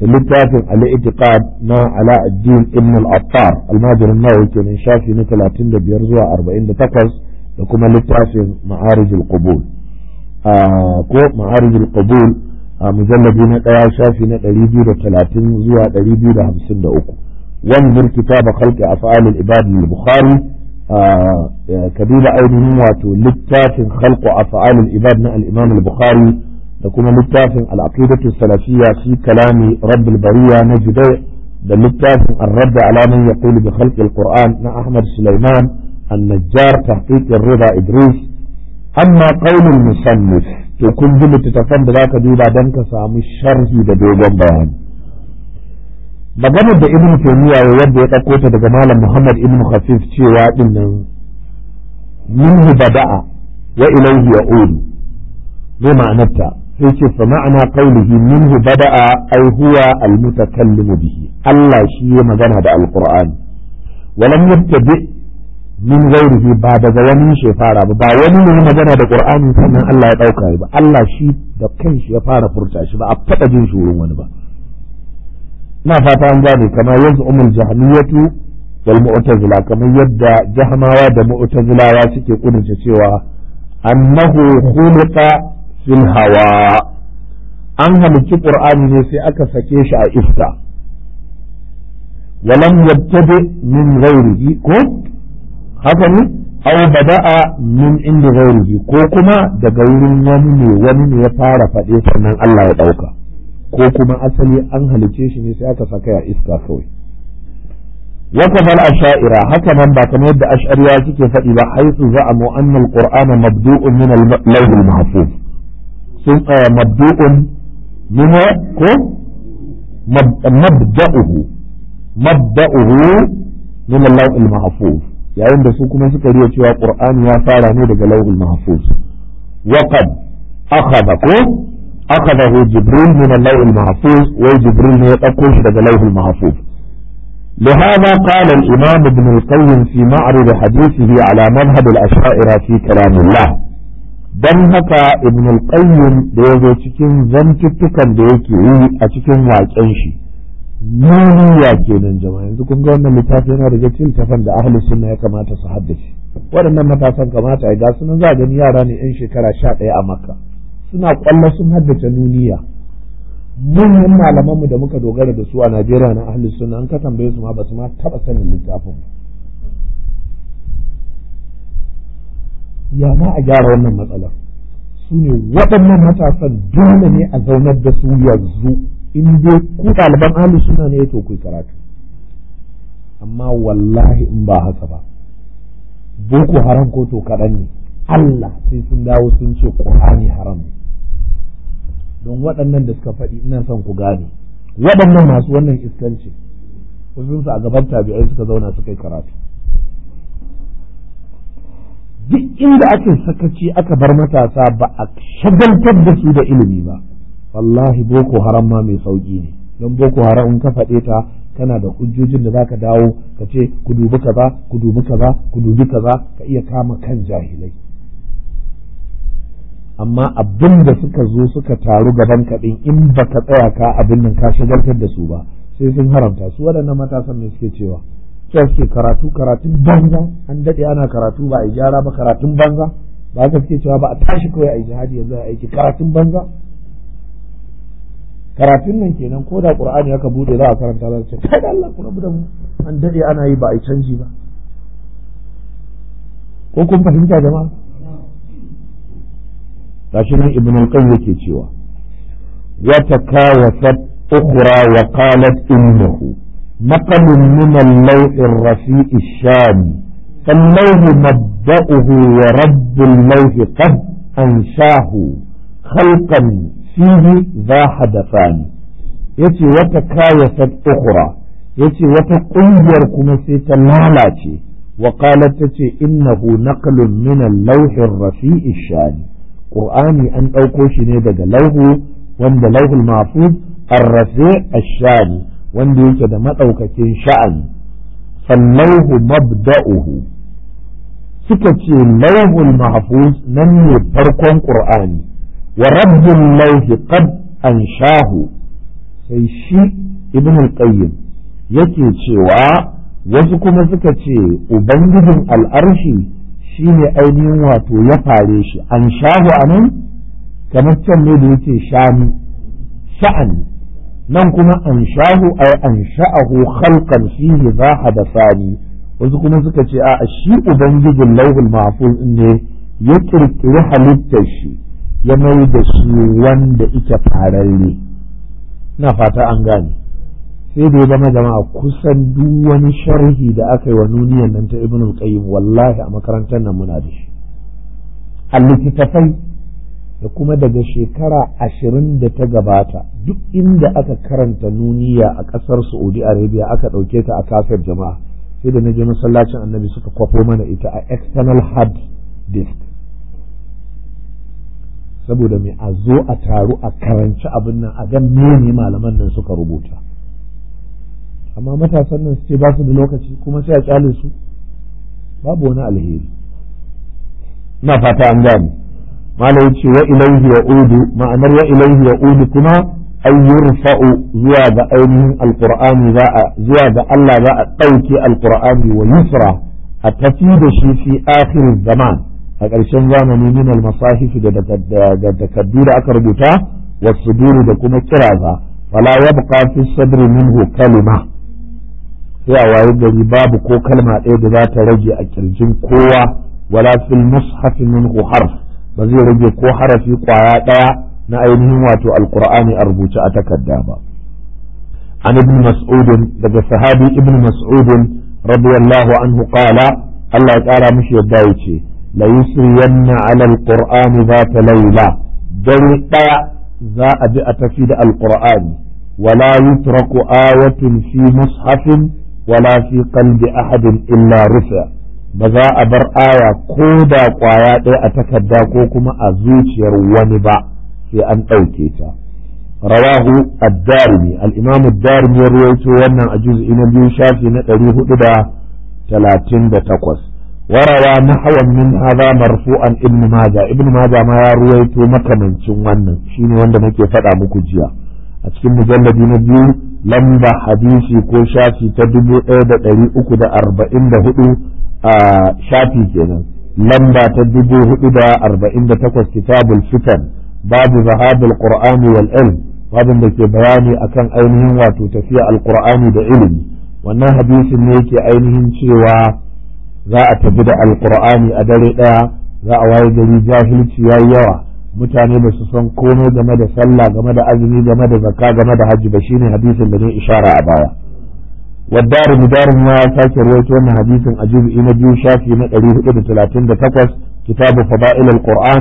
littafin al-i'tiqad na ala ad-din ibn al-attar al-majr an-nawawi kenan shafi na 35 zuwa 48 da kuma littafin ma'arij al-qubul ko ma'arij al-qubul a mujalladi na daya shafi na 230 zuwa 253 wanzur kitab khalqi af'al al-ibad al-bukhari kabila ainihin wato littafin khalqu af'al al-ibad na al-imam al-bukhari da kuma littafin al'aqidatu salafiyya fi kalami rabbil bariya na judai da littafin ar-radd ala man yaqulu bi khalqi al-qur'an na ahmad sulaiman an-najjar tahqiq ar-rida idris amma qaulul musannif to kun ji littattafan da zaka duba dan ka samu sharhi da dogon bayani maganar da ibnu taymiya wanda ya dauko ta daga malam muhammad ibnu khafif cewa dinnan minhu bada'a wa ilayhi ya'udu me ma'anarta ce fa ma'ana qawlihi minhu bada'a ay huwa almutakallimu bihi Allah shi ya magana da alqur'ani walam yabtadi min ghairihi ba daga wani shi fara ba ba wani ne magana da qur'ani sannan Allah ya dauka ba Allah shi da kanshi ya fara furta shi ba a fada jin shi wurin wani ba na fata an gane kamar yanzu umul jahmiyatu wal mu'tazila kamar yadda jahmawa da mu'tazilawa suke kudunta cewa annahu khuliqa fil hawa an halicci ƙur'ani ne sai aka sake shi a ifta walam yabtadi min ghairihi ko haka ne aw bada'a min inda ghairihi ko kuma daga wurin wani ne wani ne ya fara faɗe sannan Allah ya ɗauka ko kuma asali an halice shi ne sai aka saka ya iska kawai وكذا الأشاعرة هكذا ما تمد أشعرية كيف فإذا حيث زعموا أن القرآن مبدوء من اللوح masu. Eh, mabdu'un minhu ko mabda'uhu mabda'uhu min al-lawhil mahfuz yayin da su kuma suka riya cewa qur'ani ya fara ni daga lawhil mahfuz wa qad akhadha ko akhadahu jibril min al-lawhil jibril ne ya dauko shi daga lawhil mahfuz لهذا قال الإمام ابن القيم في معرض حديثه على مذهب الأشاعرة في كلام الله don haka ibn al-qayyim da ya zo cikin zantuttukan da yake yi a cikin waƙen shi ke kenan jama'a yanzu kun ga wannan littafi yana da cikin littafin da ahli sunna ya kamata su haddace waɗannan matasan kamata ya ga sunan za gani yara ne yan shekara sha ɗaya a makka suna ƙwallo sun haddace nuniya malaman malamanmu da muka dogara da su a najeriya na ahli sunna an ka tambaye su ma ba su ma taɓa sanin littafin ya ma a gyara wannan matsalar su ne waɗannan matasan dole ne a zaunar da su yanzu in dai ku ɗaliban ahli suna ne to ku karatu amma wallahi in ba haka ba boko haram ko to kaɗan ne Allah sai sun dawo sun ce Qur'ani haram don waɗannan da suka faɗi ina son ku gane waɗannan masu wannan iskanci wasu a gaban tabi'ai suka zauna suka yi karatu duk inda ake sakaci aka bar matasa ba a shagaltar da su da ilimi ba wallahi boko haram ma mai sauki ne don boko haram in ka faɗe ta kana da hujjojin da zaka dawo ka ce ku dubi kaza ku dubi kaza ku dubi kaza ka iya kama kan jahilai amma abin da suka zo suka taru gaban kaɗin in baka tsaya ka abin nan ka shagaltar da su ba sai sun haramta su waɗannan matasan ne suke cewa cewa ce karatu karatun banza an daɗe ana karatu ba a yi gyara ba karatun banza ba haka suke cewa ba a tashi kawai a yi jihadi yanzu a aiki karatun banza karatun nan kenan ko da qur'ani aka buɗe za a karanta za ce kai da Allah kuma rabu da mu an daɗe ana yi ba a yi canji ba ko kun fahimta jama'a gashi nan ibn al-qayyim yake cewa wa takawafat ukhra wa qalat innahu نقل من اللوح الرفيع الشام فاللوح مبدأه ورب اللوح قد أنشاه خلقا فيه ذا حدثان يتي وتكايست أخرى يتي وتقير كما سيتلالاتي وقالت تتي إنه نقل من اللوح الرفيع الشام قرآني أن أوكوش نيدا لوه وان لوه المعفوظ الرفيع الشام wanda yake da maɗaukacin sha'ani sallauhu mabda'uhu suka ce lauhul mahfuz nan ne farkon ƙur'ani wa rabbul lauhi qad anshahu sai shi ibn al-qayyim yake cewa wasu kuma suka ce ubangijin al'arshi shine ainihin wato ya fare shi anshahu anan kamar can ne da yake shani sha'ani nan kuma an shahu ay an sha'ahu khalqan fihi za hadasani wasu kuma suka ce a shi ubangijin lauhul mahfuz ne ya kirkiri halittar shi ya mai da shi wanda ike fararre na fata an gane sai da ya zama jama'a kusan duk wani sharhi da aka yi wa nuniyan nan ta ibn qayyim wallahi a makarantar nan muna da shi a likitafai. da kuma daga shekara ashirin da ta gabata duk inda aka karanta nuniya a ƙasar saudi arabia aka ɗauke ta a kafar jama'a sai da na je masallacin annabi suka kwafo mana ita a external hard disk saboda mai a zo a taru a karanci abin nan a gan mene malaman nan suka rubuta amma matasan nan ce ba su da lokaci kuma sai a kyale su babu wani alheri na fata an gane malai yace wa ilaihi ya udu ma'anar wa ilaihi udu kuma ay yurfa'u zuwa ga ainihin alqur'ani za a zuwa ga Allah za a dauke alqur'ani wa yusra a tafi da shi fi akhir zaman a ƙarshen zamani min al-masahif da takaddu da aka rubuta wa suduru da kuma kiraza fala yabqa fi sadri minhu kalima sai a waye gari babu ko kalma ɗaya da za ta rage a kirjin kowa wala fil mushaf minhu harf ba zai rage ko harafi kwaya ɗaya na ainihin wato alkur'ani a rubuce a takarda ba an ibn mas'udin daga sahabi ibn mas'udin radiyallahu anhu qala Allah ya kara mishi yadda yace la yusriyanna ala alqur'ani zata layla dare daya za a ji a tafi da alqur'ani wala yutraku ayatin fi mushafin wala fi qalbi ahadin illa rufa ba za a bar aya ko da kwaya ɗaya a takarda ko kuma a zuciyar wani ba sai an ɗauke ta rawahu ad-darimi al-imam ad-darimi ya rawaito wannan a juz'i na biyu shafi na 438 وروى نحوا من هذا مرفوعا ابن ماجه ابن ماجه ما رويته makamancin wannan shine wanda nake faɗa muku jiya a cikin mujalladi na biyu lamba hadisi ko shafi ta 1344 a shafi kenan lamba ta dubu hudu da arba'in da takwas kitabul fitan babu zahabul qur'ani wal ilm babin da ke bayani akan ainihin wato tafiya alqur'ani da ilimi wannan hadisin ne yake ainihin cewa za a tafi da alqur'ani a dare daya za a waye gari jahilci yayi yawa mutane ba su san komai game da sallah game da azumi game da zakka game da hajji ba shine hadisin da ne ishara a baya والدار مدار ما ساكر ويتون حديث أجيب إن جيو شافي من أليه إذا ثلاثين تقص كتاب فضائل القرآن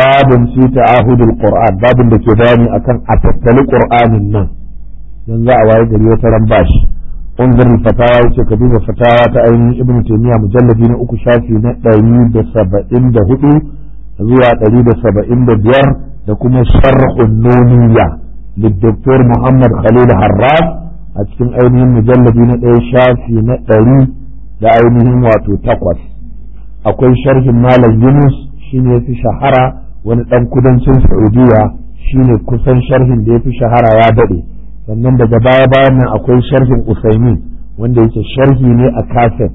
باب في تعاهد القرآن باب بكباني أكن أتتل قرآن النام ينزع وايد اليوترم باش انظر الفتاوى كتب فتاوى تأين ابن تيمية مجلدين أكو شافي من أليه بسبعين دهدو زوا أليه بسبعين دبيار دكما شرح النونية للدكتور محمد خليل حراس a cikin ainihin mujallabi na ɗaya shafi na ɗari da ainihin wato takwas akwai sharhin malam yunus shine fi shahara wani ɗan kudancin saudiya shine kusan sharhin da ya fi shahara ya daɗe sannan daga baya bayan nan akwai sharhin usaini wanda yake sharhi ne a kaset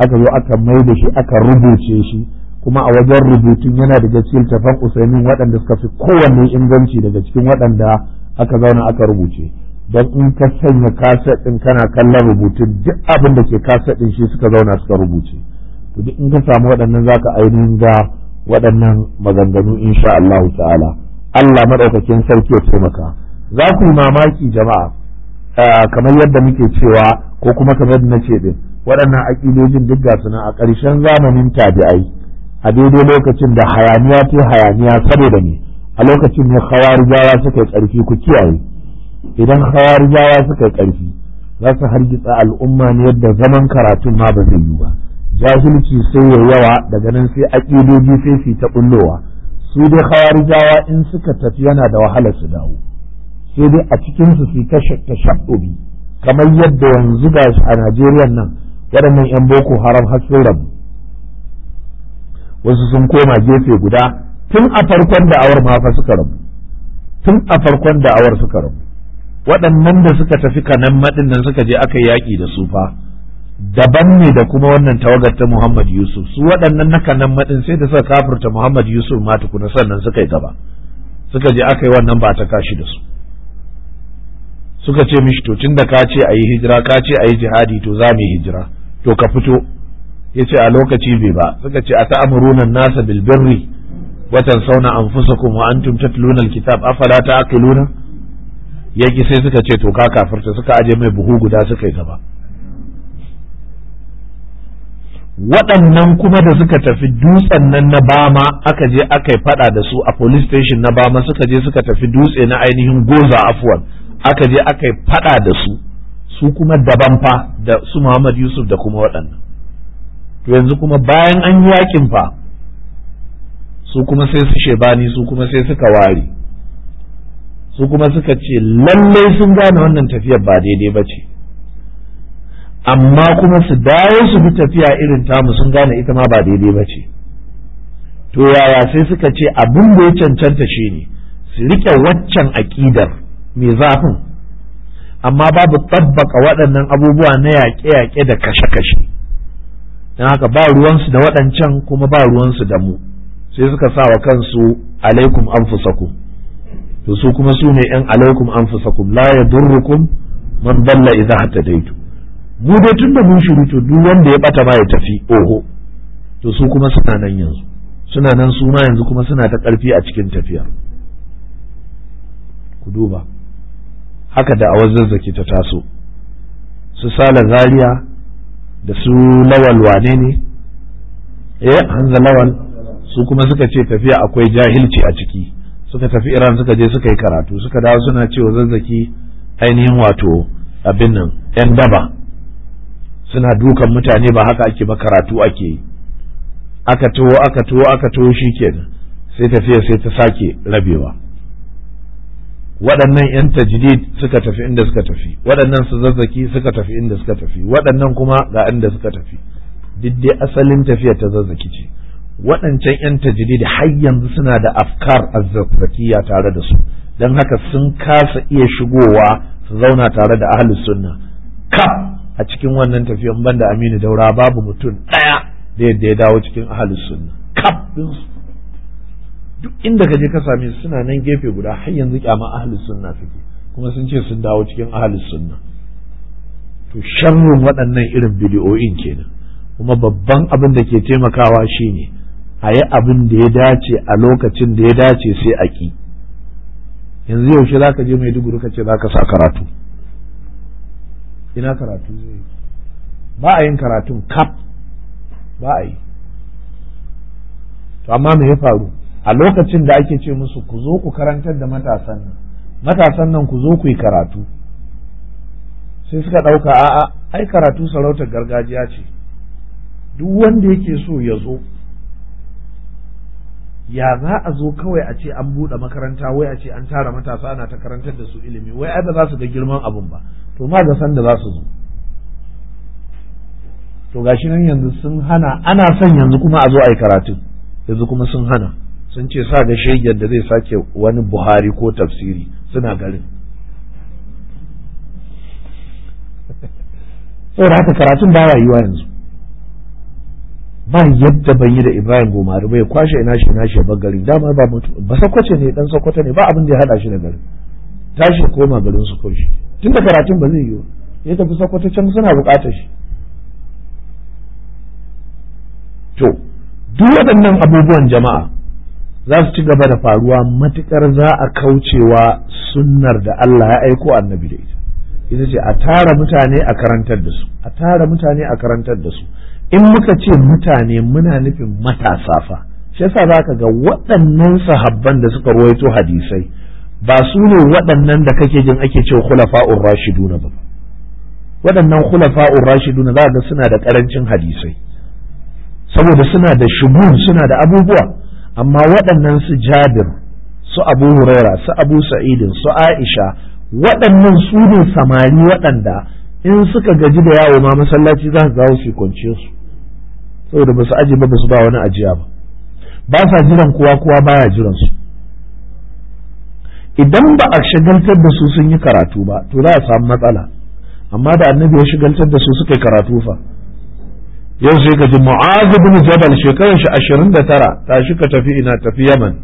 aka zo aka mai da shi aka rubuce shi kuma a wajen rubutun yana daga cikin littafan usaini waɗanda suka fi kowanne inganci daga cikin waɗanda aka zauna aka rubuce don in ka sanya kaset ɗin kana kallon rubutun duk abin da ke kaset ɗin shi suka zauna suka rubuce to duk in ka samu waɗannan zaka ainihin ga waɗannan maganganu insha Allah ta'ala Allah madaukakin sarki ya taimaka za ku yi mamaki jama'a kamar yadda muke cewa ko kuma kamar na ce din waɗannan aƙidojin duk ga suna a ƙarshen zamanin tabi'ai a daidai lokacin da hayaniya ta hayaniya saboda ne a lokacin ne khawarijawa suka yi ƙarfi ku kiyaye idan khawarijawa suka yi ƙarfi za su hargitsa al'umma ne yadda zaman karatun ma ba zai yi ba jahilci sai ya yawa daga nan sai aƙidoji sai su ta bullowa su dai khawarijawa in suka tafi yana da wahala su dawo sai dai a cikin su su kashe tashabbubi kamar yadda yanzu ga a Najeriya nan waɗannan 'yan boko haram har sun rabu wasu sun koma gefe guda tun a farkon da'awar ma fa suka rabu tun a farkon da'awar suka rabu waɗannan da suka tafi kanan maɗin nan suka je aka yaƙi da su fa daban ne da kuma wannan tawagar ta Muhammad Yusuf su waɗannan na kanan maɗin sai da suka kafirta Muhammad Yusuf ma tukuna sannan suka yi gaba suka je aka yi wannan ba ta kashi da su suka ce mishi to tun da ka ce a yi hijira ka ce a yi jihadi to za mu yi hijira to ka fito ya ce a lokaci bai ba suka ce a ta'amuruna nasa bilbirri watan sauna anfusakum wa antum tatluna kitab afala ta aka ta'qiluna yaki sai suka ce to ka kafirta suka aje mai buhu guda suka yi gaba waɗannan kuma da suka tafi dutsen nan na bama aka je aka yi faɗa da su a police station na bama suka je suka tafi dutse na ainihin goza afuwan aka je aka yi faɗa da su su kuma daban fa da su Muhammad Yusuf da kuma waɗannan to yanzu kuma bayan an yi yakin fa su kuma sai su shebani su kuma sai suka ware su kuma suka ce lallai sun gane wannan tafiyar ba daidai ba ce amma kuma su dawo su bi tafiya irin tamu sun gane ita ma ba daidai ba ce to yaya sai suka ce abin da ya cancanta shi ne su riƙe waccan aƙidar mai zafin amma babu tabbaka waɗannan abubuwa na yaƙe-yaƙe da kashe-kashe don haka ba ruwansu da waɗancan kuma ba ruwansu da mu sai suka sa wa kansu alaikum anfusakum to su kuma su ne yan alaikum an anfusakum la durrukum man dalla idza hatadaitu mu dai da mun shiru to duk wanda ya bata ma ya tafi oho to su kuma suna nan yanzu suna nan su ma yanzu kuma suna ta karfi a cikin tafiya ku duba haka da awaz zazzaki ta taso su sala zariya da su lawal wane ne eh hanza lawal su kuma suka ce tafiya akwai jahilci a ciki suka tafi iran suka je suka yi karatu suka dawo suna cewa zazzaki ainihin wato abin nan yan daba suna dukan mutane ba haka ake ba karatu ake yi aka tuwo aka tuwo aka tuwo shi ke. sai tafiya sai ta sake rabewa waɗannan 'yan tajdid suka tafi inda suka tafi waɗannan su zazzaki suka tafi inda suka tafi waɗannan kuma ga inda suka tafi duk dai asalin tafiya ta zazzaki ce waɗancan 'yan tajiridi har yanzu suna da afkar azzakiyya tare da su don haka sun kasa iya shigowa su zauna tare da ahlus sunna ka a cikin wannan tafiyan banda aminu daura babu mutum ɗaya da yadda ya dawo cikin ahlus sunna kaf duk inda ka je ka same su suna nan gefe guda har yanzu kyama ahli sunna suke kuma sun ce sun dawo cikin ahli sunna to sharrun waɗannan irin bidiyo'in kenan kuma babban abin da ke taimakawa shine a yi abin da ya dace a lokacin da ya dace sai a ki yanzu yaushe za ka je mai duguru ka ce za ka sa karatu ina karatu zai ba a yin karatun kap ba a yi to amma me ya faru a lokacin da ake ce musu ku zo ku karantar da matasan nan matasan nan ku zo ku yi karatu sai suka ɗauka a'a ai karatu sarautar gargajiya ce duk wanda yake so ya zo ya za a zo kawai a ce an buɗe makaranta wai a ce an tara matasa ana ta karantar da su ilimi wai ai ba za su ga girman abun ba to ma da san da za su zo to gashi nan yanzu sun hana ana son yanzu kuma a zo a yi karatu yanzu kuma sun hana sun ce sa ga shegen da zai sake wani buhari ko tafsiri suna garin saboda haka karatun baya yiwa yanzu ba yadda ban yi da Ibrahim Gomari bai kwashe ina shi ina shi ba gari dama ba mutu ba sakwace ne dan sakwata ne ba abin da ya hada shi da gari. tashi koma garin su shi tun da karatun ba zai yi ya tafi sakwata can suna bukatar shi to duk waɗannan abubuwan jama'a za su ci gaba da faruwa matukar za a kaucewa sunnar da Allah ya aiko annabi da ita ita ce a tara mutane a karantar da su a tara mutane a karantar da su in muka ce mutane muna nufin matasa fa shi yasa za ka ga waɗannan sahabban da suka ruwaito hadisai ba su ne waɗannan da kake jin ake cewa khulafa'ur rashiduna ba waɗannan khulafa'ur rashiduna za ga suna da ƙarancin hadisai saboda suna da shugun suna da abubuwa amma waɗannan su jabir su abu huraira su abu sa'idin su aisha waɗannan su ne samari waɗanda in suka gaji da yawo ma masallaci za su dawo su kwance su saboda ba su aji ba ba su ba wani ajiya ba ba sa jiran kowa kowa baya jiran su idan ba a shagaltar da su sun yi karatu ba to za a samu matsala amma da annabi ya shagaltar da su suka yi karatu fa yau sai ka ji mu'az ibn jabal shekarar shi 29 tashi ka tafi ina tafi yaman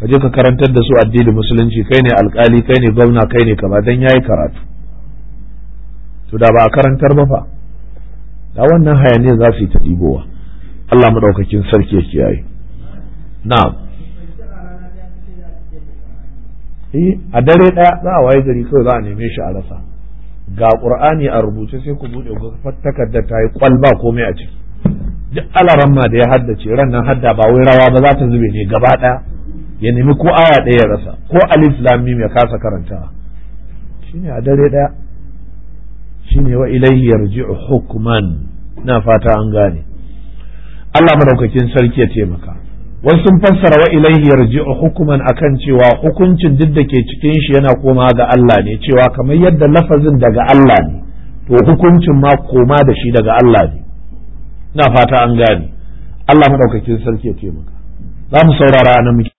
ka je ka karantar da su addinin musulunci kai ne alkali kai ne gwamna kai ne kaba dan yayi karatu to da ba a karantar ba fa da wannan hayaniyar za su yi ta ɗibowa Allah maɗaukakin sarki ya kiyaye na'am eh, a dare ɗaya za a waye gari kawai za a neme shi a rasa ga ƙur'ani a rubuce sai ku buɗe ku takarda ta yi kwalba komai a ciki duk alaran ma da ya haddace ran nan hadda ba wai rawa ba za ta zube ne gaba ɗaya ya nemi ko aya ɗaya ya rasa ko alif lam mim ya kasa karantawa shine a dare ɗaya shine wa ilayhi yarji'u hukuman na fata an gane Allah madaukakin sarki ya taimaka wasu sun fassara wa ilaihi yarji'u hukuman akan cewa hukuncin duk da ke cikin shi yana koma ga Allah ne cewa kamar yadda lafazin daga Allah ne to hukuncin ma koma da shi daga Allah ne na fata an gane Allah madaukakin sarki ya taimaka za mu saurara nan muke